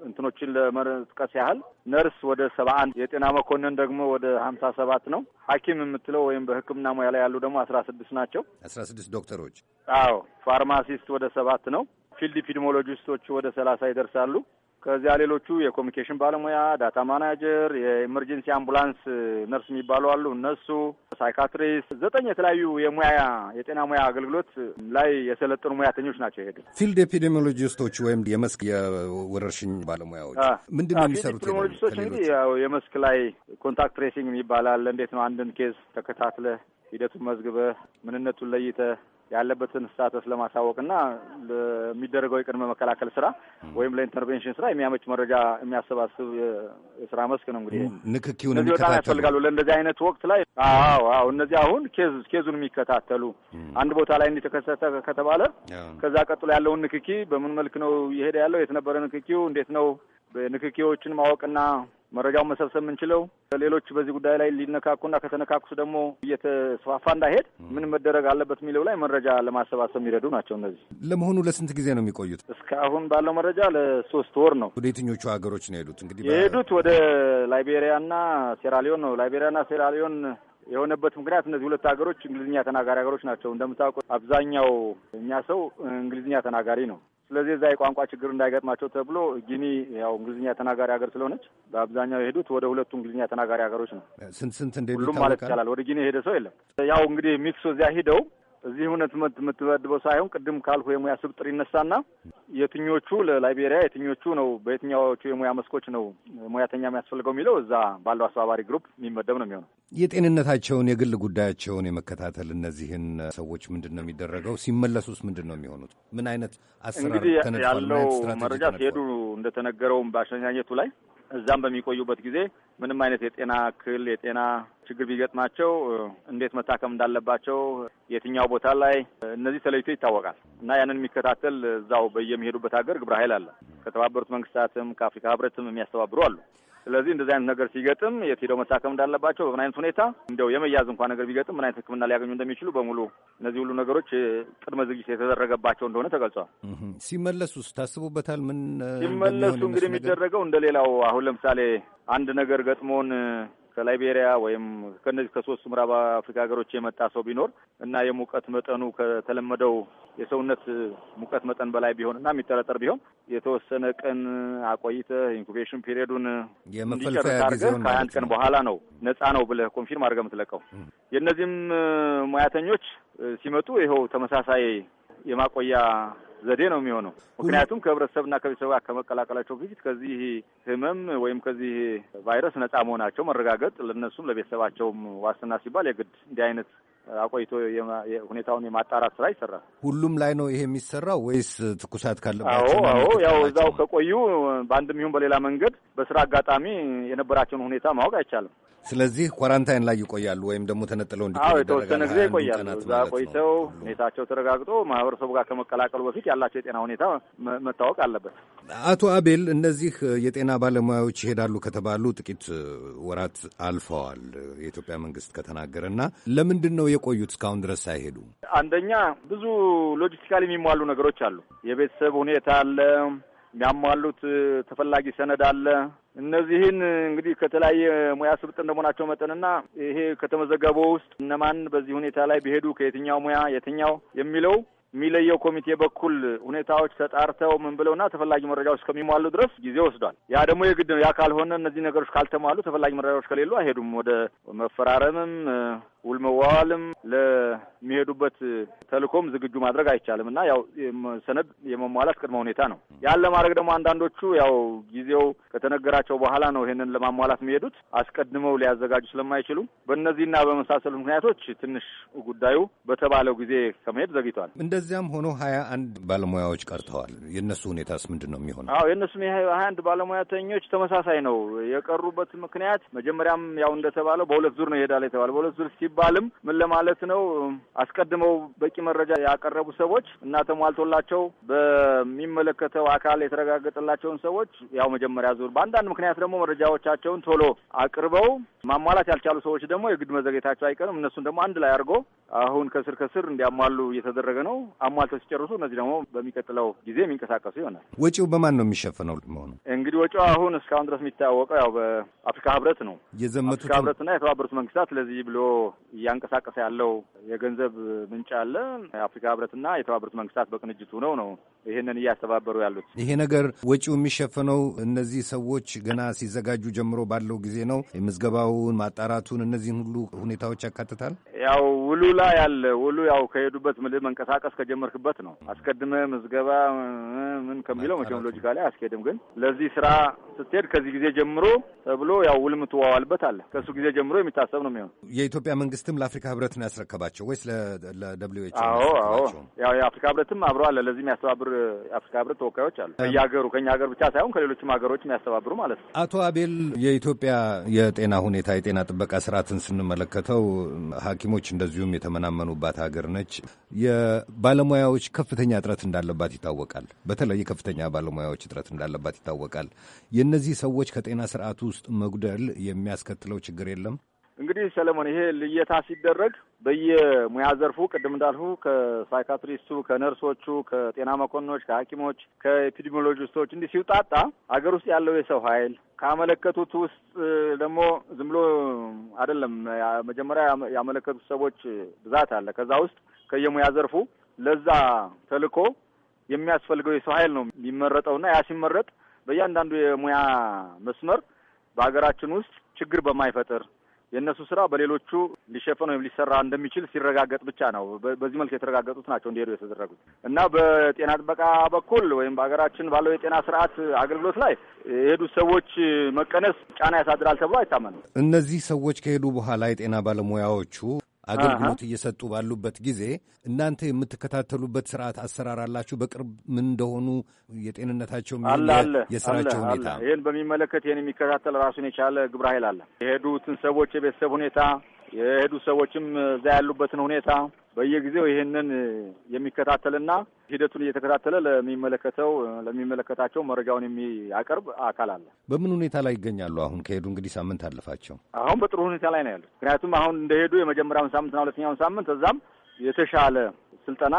እንትኖችን ለመጥቀስ ያህል ነርስ ወደ ሰባ አንድ የጤና መኮንን ደግሞ ወደ ሀምሳ ሰባት ነው። ሐኪም የምትለው ወይም በሕክምና ሙያ ላይ ያሉ ደግሞ አስራ ስድስት ናቸው። አስራ ስድስት ዶክተሮች። አዎ ፋርማሲስት ወደ ሰባት ነው። ፊልድ ኢፒዲሞሎጂስቶች ወደ ሰላሳ ይደርሳሉ። ከዚያ ሌሎቹ የኮሚኒኬሽን ባለሙያ፣ ዳታ ማናጀር፣ የኢመርጀንሲ አምቡላንስ ነርስ የሚባሉ አሉ። እነሱ ሳይካትሪስት፣ ዘጠኝ የተለያዩ የሙያ የጤና ሙያ አገልግሎት ላይ የሰለጠኑ ሙያተኞች ናቸው የሄዱ ፊልድ ኤፒዴሚዮሎጂስቶች ወይም የመስክ የወረርሽኝ ባለሙያዎች ምንድን ነው የሚሰሩት? ኤፒዴሚዮሎጂስቶች እንግዲህ ያው የመስክ ላይ ኮንታክት ትሬሲንግ ይባላል። እንዴት ነው አንድን ኬዝ ተከታትለ ሂደቱን መዝግበ ምንነቱን ለይተ ያለበትን ስታተስ ለማሳወቅና ለሚደረገው የቅድመ መከላከል ስራ ወይም ለኢንተርቬንሽን ስራ የሚያመች መረጃ የሚያሰባስብ የስራ መስክ ነው። እንግዲህ ንክኪውን በጣም ያስፈልጋሉ ለእንደዚህ አይነት ወቅት ላይ። አዎ አዎ፣ እነዚህ አሁን ኬዙን የሚከታተሉ አንድ ቦታ ላይ እንዲተከሰተ ከተባለ ከዛ ቀጥሎ ያለውን ንክኪ በምን መልክ ነው እየሄደ ያለው፣ የት ነበረ ንክኪው፣ እንዴት ነው ንክኪዎችን ማወቅና መረጃውን መሰብሰብ የምንችለው ሌሎች በዚህ ጉዳይ ላይ ሊነካኩና ከተነካኩስ ደግሞ እየተስፋፋ እንዳይሄድ ምን መደረግ አለበት የሚለው ላይ መረጃ ለማሰባሰብ የሚረዱ ናቸው። እነዚህ ለመሆኑ ለስንት ጊዜ ነው የሚቆዩት? እስካሁን ባለው መረጃ ለሶስት ወር ነው። ወደ የትኞቹ ሀገሮች ነው የሄዱት? እንግዲህ የሄዱት ወደ ላይቤሪያና ሴራሊዮን ነው። ላይቤሪያና ሴራሊዮን የሆነበት ምክንያት እነዚህ ሁለት ሀገሮች እንግሊዝኛ ተናጋሪ ሀገሮች ናቸው። እንደምታውቁት አብዛኛው እኛ ሰው እንግሊዝኛ ተናጋሪ ነው። ስለዚህ እዛ የቋንቋ ችግር እንዳይገጥማቸው ተብሎ ጊኒ ያው እንግሊዝኛ ተናጋሪ ሀገር ስለሆነች በአብዛኛው የሄዱት ወደ ሁለቱ እንግሊዝኛ ተናጋሪ ሀገሮች ነው። ስንት ስንት እንደሚታወቃል ሁሉም ማለት ይቻላል ወደ ጊኒ የሄደ ሰው የለም። ያው እንግዲህ ሚክሶ እዚያ ሂደው እዚህ እውነት የምትበድበው ሳይሆን ቅድም ካልሁ የሙያ ስብጥር ይነሳና የትኞቹ ለላይቤሪያ የትኞቹ ነው በየትኛዎቹ የሙያ መስኮች ነው ሙያተኛ የሚያስፈልገው የሚለው እዛ ባለው አስተባባሪ ግሩፕ የሚመደብ ነው የሚሆነው። የጤንነታቸውን፣ የግል ጉዳያቸውን የመከታተል እነዚህን ሰዎች ምንድን ነው የሚደረገው? ሲመለሱስ ምንድን ነው የሚሆኑት? ምን አይነት አሰራር ያለው መረጃ ሲሄዱ እንደተነገረውም በአሸኛኘቱ ላይ እዛም በሚቆዩበት ጊዜ ምንም አይነት የጤና እክል የጤና ችግር ቢገጥማቸው እንዴት መታከም እንዳለባቸው የትኛው ቦታ ላይ እነዚህ ተለይቶ ይታወቃል እና ያንን የሚከታተል እዛው በየሚሄዱበት ሀገር ግብረ ኃይል አለ። ከተባበሩት መንግስታትም ከአፍሪካ ህብረትም የሚያስተባብሩ አሉ። ስለዚህ እንደዚህ አይነት ነገር ሲገጥም የት ሄደው መታከም እንዳለባቸው በምን አይነት ሁኔታ እንደው የመያዝ እንኳን ነገር ቢገጥም ምን አይነት ሕክምና ሊያገኙ እንደሚችሉ በሙሉ እነዚህ ሁሉ ነገሮች ቅድመ ዝግጅት የተደረገባቸው እንደሆነ ተገልጿል። ሲመለሱስ ታስቡበታል? ምን ሲመለሱ እንግዲህ የሚደረገው እንደ ሌላው አሁን ለምሳሌ አንድ ነገር ገጥሞን ከላይቤሪያ ወይም ከነዚህ ከሶስቱ ምዕራብ አፍሪካ ሀገሮች የመጣ ሰው ቢኖር እና የሙቀት መጠኑ ከተለመደው የሰውነት ሙቀት መጠን በላይ ቢሆን እና የሚጠረጠር ቢሆን የተወሰነ ቀን አቆይተህ ኢንኩቤሽን ፒሪዮዱን እንዲጨርስ አድርገህ ከሀያ አንድ ቀን በኋላ ነው ነፃ ነው ብለህ ኮንፊርም አድርገህ የምትለቀው። የእነዚህም ሙያተኞች ሲመጡ ይኸው ተመሳሳይ የማቆያ ዘዴ ነው የሚሆነው። ምክንያቱም ከህብረተሰብና ከቤተሰብ ጋር ከመቀላቀላቸው በፊት ከዚህ ህመም ወይም ከዚህ ቫይረስ ነጻ መሆናቸው መረጋገጥ ለነሱም ለቤተሰባቸውም ዋስትና ሲባል የግድ እንዲህ አይነት አቆይቶ ሁኔታውን የማጣራት ስራ ይሰራል። ሁሉም ላይ ነው ይሄ የሚሰራው ወይስ ትኩሳት ካለባቸው? አዎ አዎ፣ ያው እዛው ከቆዩ በአንድም ይሁን በሌላ መንገድ በስራ አጋጣሚ የነበራቸውን ሁኔታ ማወቅ አይቻልም። ስለዚህ ኳራንታይን ላይ ይቆያሉ ወይም ደግሞ ተነጥለው እንዲ የተወሰነ ጊዜ ይቆያሉ። እዛ ቆይተው ሁኔታቸው ተረጋግጦ ማህበረሰቡ ጋር ከመቀላቀሉ በፊት ያላቸው የጤና ሁኔታ መታወቅ አለበት። አቶ አቤል፣ እነዚህ የጤና ባለሙያዎች ይሄዳሉ ከተባሉ ጥቂት ወራት አልፈዋል የኢትዮጵያ መንግስት ከተናገረ እና ለምንድን ነው የቆዩት እስካሁን ድረስ ሳይሄዱ? አንደኛ ብዙ ሎጂስቲካል የሚሟሉ ነገሮች አሉ። የቤተሰብ ሁኔታ አለ፣ የሚያሟሉት ተፈላጊ ሰነድ አለ እነዚህን እንግዲህ ከተለያየ ሙያ ስብጥ እንደመሆናቸው መጠንና ይሄ ከተመዘገበው ውስጥ እነማን በዚህ ሁኔታ ላይ ቢሄዱ ከየትኛው ሙያ የትኛው የሚለው የሚለየው ኮሚቴ በኩል ሁኔታዎች ተጣርተው ምን ብለውና ተፈላጊ መረጃዎች እስከሚሟሉ ድረስ ጊዜ ወስዷል። ያ ደግሞ የግድ ነው። ያ ካልሆነ እነዚህ ነገሮች ካልተሟሉ ተፈላጊ መረጃዎች ከሌሉ አይሄዱም። ወደ መፈራረምም ውል መዋዋልም ለሚሄዱበት ተልእኮም ዝግጁ ማድረግ አይቻልም እና ያው ሰነድ የመሟላት ቅድመ ሁኔታ ነው። ያን ለማድረግ ደግሞ አንዳንዶቹ ያው ጊዜው ከተነገራቸው በኋላ ነው ይሄንን ለማሟላት የሚሄዱት አስቀድመው ሊያዘጋጁ ስለማይችሉ በእነዚህና በመሳሰሉ ምክንያቶች ትንሽ ጉዳዩ በተባለው ጊዜ ከመሄድ ዘግይቷል። እንደዚያም ሆኖ ሀያ አንድ ባለሙያዎች ቀርተዋል። የእነሱ ሁኔታስ ምንድን ነው የሚሆነው? አዎ የእነሱም ሀያ አንድ ባለሙያተኞች ተመሳሳይ ነው። የቀሩበት ምክንያት መጀመሪያም ያው እንደተባለው በሁለት ዙር ነው ይሄዳል የተባለው በሁለት ዙር ቢባልም ምን ለማለት ነው አስቀድመው በቂ መረጃ ያቀረቡ ሰዎች እና ተሟልቶላቸው በሚመለከተው አካል የተረጋገጠላቸውን ሰዎች ያው መጀመሪያ ዙር፣ በአንዳንድ ምክንያት ደግሞ መረጃዎቻቸውን ቶሎ አቅርበው ማሟላት ያልቻሉ ሰዎች ደግሞ የግድ መዘግየታቸው አይቀርም። እነሱን ደግሞ አንድ ላይ አድርጎ አሁን ከስር ከስር እንዲያሟሉ እየተደረገ ነው። አሟልተው ሲጨርሱ እነዚህ ደግሞ በሚቀጥለው ጊዜ የሚንቀሳቀሱ ይሆናል። ወጪው በማን ነው የሚሸፍነው? መሆኑ እንግዲህ ወጪው አሁን እስካሁን ድረስ የሚታወቀው ያው በአፍሪካ ህብረት ነው። የዘመቱ አፍሪካ ህብረትና የተባበሩት መንግስታት ለዚህ ብሎ እያንቀሳቀሰ ያለው የገንዘብ ምንጭ አለ። የአፍሪካ ህብረትና የተባበሩት መንግስታት በቅንጅት ሆነው ነው ይህንን እያስተባበሩ ያሉት። ይሄ ነገር ወጪው የሚሸፈነው እነዚህ ሰዎች ገና ሲዘጋጁ ጀምሮ ባለው ጊዜ ነው። የምዝገባውን ማጣራቱን፣ እነዚህን ሁሉ ሁኔታዎች ያካትታል። ያው ውሉ ላይ ያለ ውሉ ያው ከሄዱበት ምልህ መንቀሳቀስ ከጀመርክበት ነው። አስቀድመ ምዝገባ ምን ከሚለው መቼም ሎጂካ ላይ አስኬድም። ግን ለዚህ ስራ ስትሄድ ከዚህ ጊዜ ጀምሮ ተብሎ ያው ውል የምትዋዋልበት አለ። ከእሱ ጊዜ ጀምሮ የሚታሰብ ነው የሚሆን የኢትዮጵያ መንግስትም ለአፍሪካ ህብረት ነው ያስረከባቸው ወይስ ለደብሊው ኤች አዎ አዎ ያው የአፍሪካ ህብረትም አብሮ አለ። ለዚህ የሚያስተባብር የአፍሪካ ህብረት ተወካዮች አሉ ከየሀገሩ ከእኛ ሀገር ብቻ ሳይሆን ከሌሎችም ሀገሮች የሚያስተባብሩ ማለት ነው። አቶ አቤል የኢትዮጵያ የጤና ሁኔታ የጤና ጥበቃ ስርዓትን ስንመለከተው ሐኪሞች እንደዚሁም የተመናመኑባት ሀገር ነች። የባለሙያዎች ከፍተኛ እጥረት እንዳለባት ይታወቃል። በተለይ ከፍተኛ ባለሙያዎች እጥረት እንዳለባት ይታወቃል። የእነዚህ ሰዎች ከጤና ስርዓቱ ውስጥ መጉደል የሚያስከትለው ችግር የለም እንግዲህ ሰለሞን ይሄ ልየታ ሲደረግ በየሙያ ዘርፉ ቅድም እንዳልሁ ከሳይካትሪስቱ፣ ከነርሶቹ፣ ከጤና መኮንኖች፣ ከሐኪሞች፣ ከኤፒዲሚዮሎጂስቶች እንዲህ ሲውጣጣ አገር ውስጥ ያለው የሰው ኃይል ካመለከቱት ውስጥ ደግሞ ዝም ብሎ አይደለም። መጀመሪያ ያመለከቱት ሰዎች ብዛት አለ። ከዛ ውስጥ ከየሙያ ዘርፉ ለዛ ተልዕኮ የሚያስፈልገው የሰው ኃይል ነው የሚመረጠውና ያ ሲመረጥ በእያንዳንዱ የሙያ መስመር በሀገራችን ውስጥ ችግር በማይፈጥር የእነሱ ስራ በሌሎቹ ሊሸፈን ወይም ሊሰራ እንደሚችል ሲረጋገጥ ብቻ ነው። በዚህ መልክ የተረጋገጡት ናቸው እንዲሄዱ የተደረጉት እና በጤና ጥበቃ በኩል ወይም በሀገራችን ባለው የጤና ስርዓት አገልግሎት ላይ የሄዱ ሰዎች መቀነስ ጫና ያሳድራል ተብሎ አይታመንም። እነዚህ ሰዎች ከሄዱ በኋላ የጤና ባለሙያዎቹ አገልግሎት እየሰጡ ባሉበት ጊዜ እናንተ የምትከታተሉበት ስርዓት አሰራር አላችሁ? በቅርብ ምን እንደሆኑ የጤንነታቸው የስራቸው ሁኔታ ይህን በሚመለከት ይህን የሚከታተል ራሱን የቻለ ግብረ ኃይል አለ። የሄዱትን ሰዎች የቤተሰብ ሁኔታ የሄዱ ሰዎችም እዛ ያሉበትን ሁኔታ በየጊዜው ይህንን የሚከታተልና ሂደቱን እየተከታተለ ለሚመለከተው ለሚመለከታቸው መረጃውን የሚያቀርብ አካል አለ። በምን ሁኔታ ላይ ይገኛሉ? አሁን ከሄዱ እንግዲህ ሳምንት አለፋቸው። አሁን በጥሩ ሁኔታ ላይ ነው ያሉት። ምክንያቱም አሁን እንደሄዱ የመጀመሪያውን ሳምንትና ሁለተኛውን ሳምንት እዛም የተሻለ ስልጠና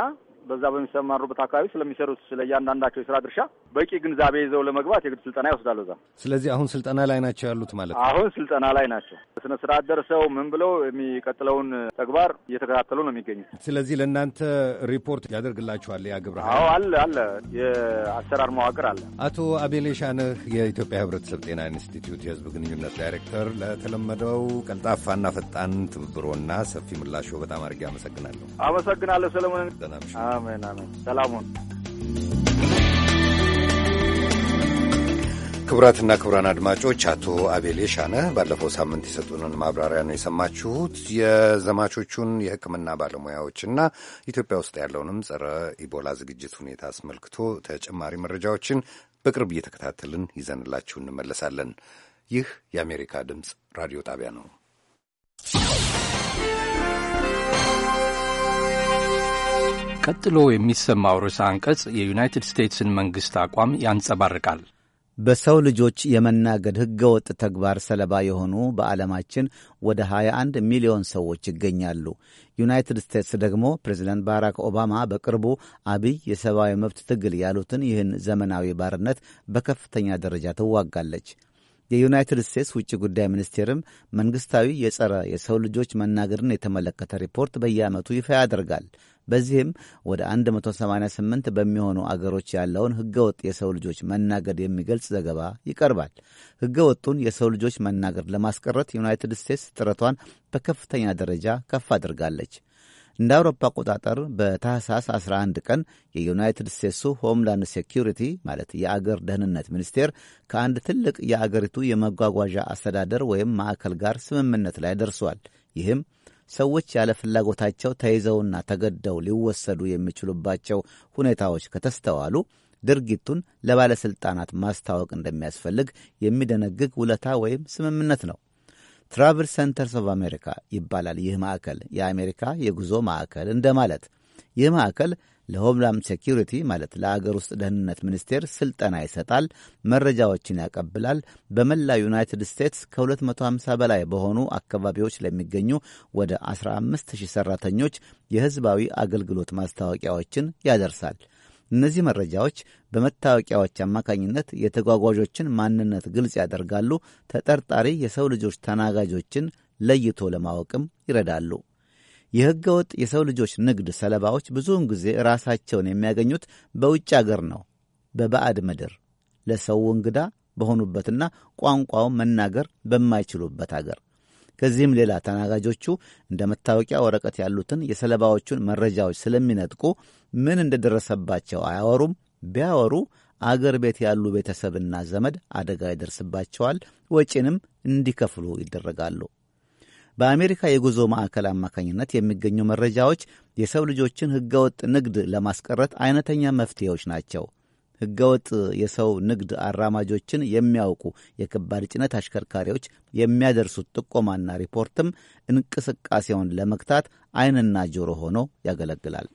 በዛ በሚሰማሩበት አካባቢ ስለሚሰሩት ስለ እያንዳንዳቸው የስራ ድርሻ በቂ ግንዛቤ ይዘው ለመግባት የግድ ስልጠና ይወስዳሉ። እዛ ስለዚህ አሁን ስልጠና ላይ ናቸው ያሉት ማለት ነው። አሁን ስልጠና ላይ ናቸው። ስነ ስርዓት ደርሰው ምን ብለው የሚቀጥለውን ተግባር እየተከታተሉ ነው የሚገኙት። ስለዚህ ለእናንተ ሪፖርት ያደርግላችኋል ያ ግብረ አዎ አለ አለ፣ የአሰራር መዋቅር አለ። አቶ አቤሌ ሻነህ የኢትዮጵያ ህብረተሰብ ጤና ኢንስቲትዩት የህዝብ ግንኙነት ዳይሬክተር፣ ለተለመደው ቀልጣፋና ፈጣን ትብብሮና ሰፊ ምላሾ በጣም አድርጌ አመሰግናለሁ። አመሰግናለሁ ሰለሞን። አሜን አሜን። ሰላሙን ክቡራትና ክቡራን አድማጮች አቶ አቤል የሻነ ባለፈው ሳምንት የሰጡንን ማብራሪያ ነው የሰማችሁት። የዘማቾቹን የሕክምና ባለሙያዎችና ኢትዮጵያ ውስጥ ያለውንም ጸረ ኢቦላ ዝግጅት ሁኔታ አስመልክቶ ተጨማሪ መረጃዎችን በቅርብ እየተከታተልን ይዘንላችሁ እንመለሳለን። ይህ የአሜሪካ ድምፅ ራዲዮ ጣቢያ ነው። ቀጥሎ የሚሰማው ርዕሰ አንቀጽ የዩናይትድ ስቴትስን መንግሥት አቋም ያንጸባርቃል። በሰው ልጆች የመናገድ ሕገወጥ ተግባር ሰለባ የሆኑ በዓለማችን ወደ 21 ሚሊዮን ሰዎች ይገኛሉ። ዩናይትድ ስቴትስ ደግሞ ፕሬዚደንት ባራክ ኦባማ በቅርቡ አብይ የሰብአዊ መብት ትግል ያሉትን ይህን ዘመናዊ ባርነት በከፍተኛ ደረጃ ትዋጋለች። የዩናይትድ ስቴትስ ውጭ ጉዳይ ሚኒስቴርም መንግሥታዊ የጸረ የሰው ልጆች መናገድን የተመለከተ ሪፖርት በየዓመቱ ይፋ ያደርጋል። በዚህም ወደ 188 በሚሆኑ አገሮች ያለውን ህገወጥ የሰው ልጆች መናገድ የሚገልጽ ዘገባ ይቀርባል። ህገወጡን የሰው ልጆች መናገድ ለማስቀረት ዩናይትድ ስቴትስ ጥረቷን በከፍተኛ ደረጃ ከፍ አድርጋለች። እንደ አውሮፓ አቆጣጠር በታህሳስ 11 ቀን የዩናይትድ ስቴትሱ ሆምላንድ ሴኪሪቲ ማለት የአገር ደህንነት ሚኒስቴር ከአንድ ትልቅ የአገሪቱ የመጓጓዣ አስተዳደር ወይም ማዕከል ጋር ስምምነት ላይ ደርሷል። ይህም ሰዎች ያለ ፍላጎታቸው ተይዘውና ተገደው ሊወሰዱ የሚችሉባቸው ሁኔታዎች ከተስተዋሉ ድርጊቱን ለባለሥልጣናት ማስታወቅ እንደሚያስፈልግ የሚደነግግ ውለታ ወይም ስምምነት ነው። ትራቪል ሴንተርስ ኦፍ አሜሪካ ይባላል። ይህ ማዕከል የአሜሪካ የጉዞ ማዕከል እንደማለት። ይህ ማዕከል ለሆምላንድ ሴኪሪቲ ማለት ለአገር ውስጥ ደህንነት ሚኒስቴር ስልጠና ይሰጣል፣ መረጃዎችን ያቀብላል። በመላ ዩናይትድ ስቴትስ ከ250 በላይ በሆኑ አካባቢዎች ለሚገኙ ወደ 15000 ሠራተኞች የሕዝባዊ አገልግሎት ማስታወቂያዎችን ያደርሳል። እነዚህ መረጃዎች በመታወቂያዎች አማካኝነት የተጓጓዦችን ማንነት ግልጽ ያደርጋሉ። ተጠርጣሪ የሰው ልጆች ተናጋጆችን ለይቶ ለማወቅም ይረዳሉ። የሕገ ወጥ የሰው ልጆች ንግድ ሰለባዎች ብዙውን ጊዜ ራሳቸውን የሚያገኙት በውጭ አገር ነው፣ በባዕድ ምድር ለሰው እንግዳ በሆኑበትና ቋንቋውን መናገር በማይችሉበት አገር። ከዚህም ሌላ ተናጋጆቹ እንደ መታወቂያ ወረቀት ያሉትን የሰለባዎቹን መረጃዎች ስለሚነጥቁ ምን እንደደረሰባቸው አያወሩም። ቢያወሩ አገር ቤት ያሉ ቤተሰብና ዘመድ አደጋ ይደርስባቸዋል፣ ወጪንም እንዲከፍሉ ይደረጋሉ። በአሜሪካ የጉዞ ማዕከል አማካኝነት የሚገኙ መረጃዎች የሰው ልጆችን ሕገወጥ ንግድ ለማስቀረት አይነተኛ መፍትሄዎች ናቸው። ሕገወጥ የሰው ንግድ አራማጆችን የሚያውቁ የከባድ ጭነት አሽከርካሪዎች የሚያደርሱት ጥቆማና ሪፖርትም እንቅስቃሴውን ለመግታት ዓይንና ጆሮ ሆኖ ያገለግላል።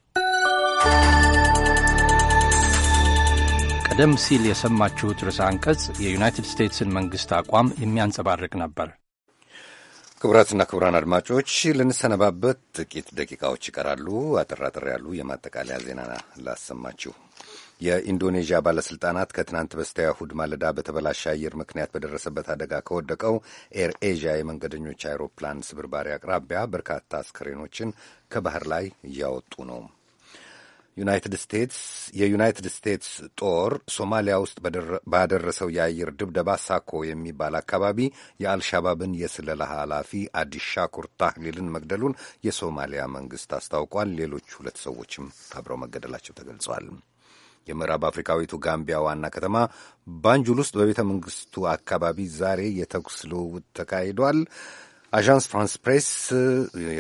ቀደም ሲል የሰማችሁት ርዕሰ አንቀጽ የዩናይትድ ስቴትስን መንግሥት አቋም የሚያንጸባርቅ ነበር። ክቡራትና ክቡራን አድማጮች ልንሰነባበት ጥቂት ደቂቃዎች ይቀራሉ። አጥራጥር ያሉ የማጠቃለያ ዜና ላሰማችሁ። የኢንዶኔዥያ ባለስልጣናት ከትናንት በስቲያ እሁድ ማለዳ በተበላሸ አየር ምክንያት በደረሰበት አደጋ ከወደቀው ኤር ኤዥያ የመንገደኞች አይሮፕላን ስብርባሪ አቅራቢያ በርካታ አስከሬኖችን ከባህር ላይ እያወጡ ነው። ዩናይትድ ስቴትስ የዩናይትድ ስቴትስ ጦር ሶማሊያ ውስጥ ባደረሰው የአየር ድብደባ ሳኮ የሚባል አካባቢ የአልሻባብን የስለላ ኃላፊ አዲስ ሻኩር ታህሊልን መግደሉን የሶማሊያ መንግስት አስታውቋል። ሌሎች ሁለት ሰዎችም አብረው መገደላቸው ተገልጿል። የምዕራብ አፍሪካዊቱ ጋምቢያ ዋና ከተማ ባንጁል ውስጥ በቤተ መንግስቱ አካባቢ ዛሬ የተኩስ ልውውጥ ተካሂዷል። አዣንስ ፍራንስ ፕሬስ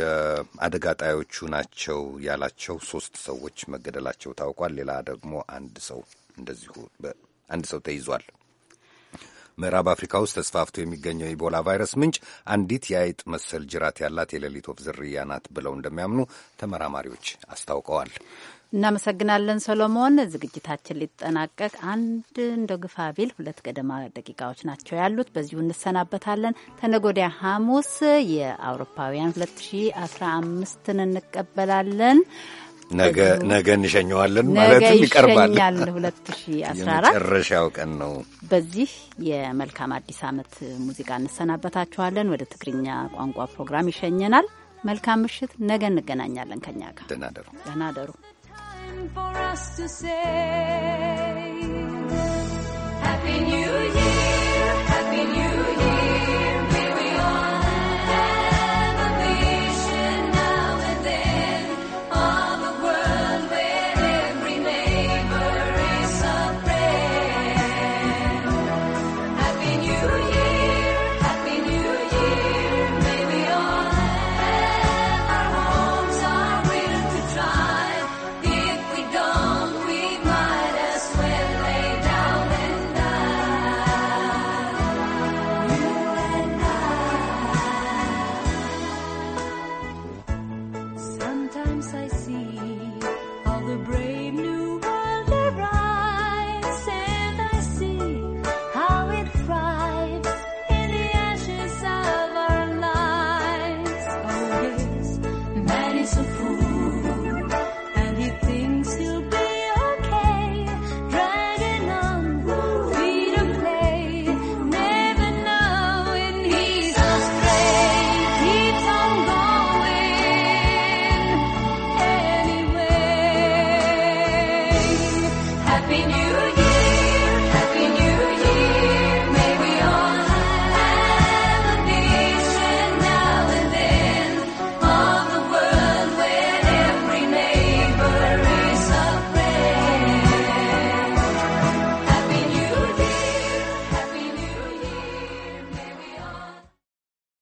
የአደጋ ጣዮቹ ናቸው ያላቸው ሶስት ሰዎች መገደላቸው ታውቋል። ሌላ ደግሞ አንድ ሰው እንደዚሁ አንድ ሰው ተይዟል። ምዕራብ አፍሪካ ውስጥ ተስፋፍቶ የሚገኘው የኢቦላ ቫይረስ ምንጭ አንዲት የአይጥ መሰል ጅራት ያላት የሌሊት ወፍ ዝርያ ናት ብለው እንደሚያምኑ ተመራማሪዎች አስታውቀዋል። እናመሰግናለን ሰሎሞን። ዝግጅታችን ሊጠናቀቅ አንድ እንደ ግፋ ቢል ሁለት ገደማ ደቂቃዎች ናቸው ያሉት። በዚሁ እንሰናበታለን። ተነጎዲያ ሐሙስ የአውሮፓውያን 2015ን እንቀበላለን። ነገ እንሸኘዋለን ማለትም ይቀርባል። 2014 ሺህ ቀን ነው። በዚህ የመልካም አዲስ አመት ሙዚቃ እንሰናበታችኋለን። ወደ ትግርኛ ቋንቋ ፕሮግራም ይሸኘናል። መልካም ምሽት። ነገ እንገናኛለን። ከኛ ጋር ደህና ደሩ። for us to say.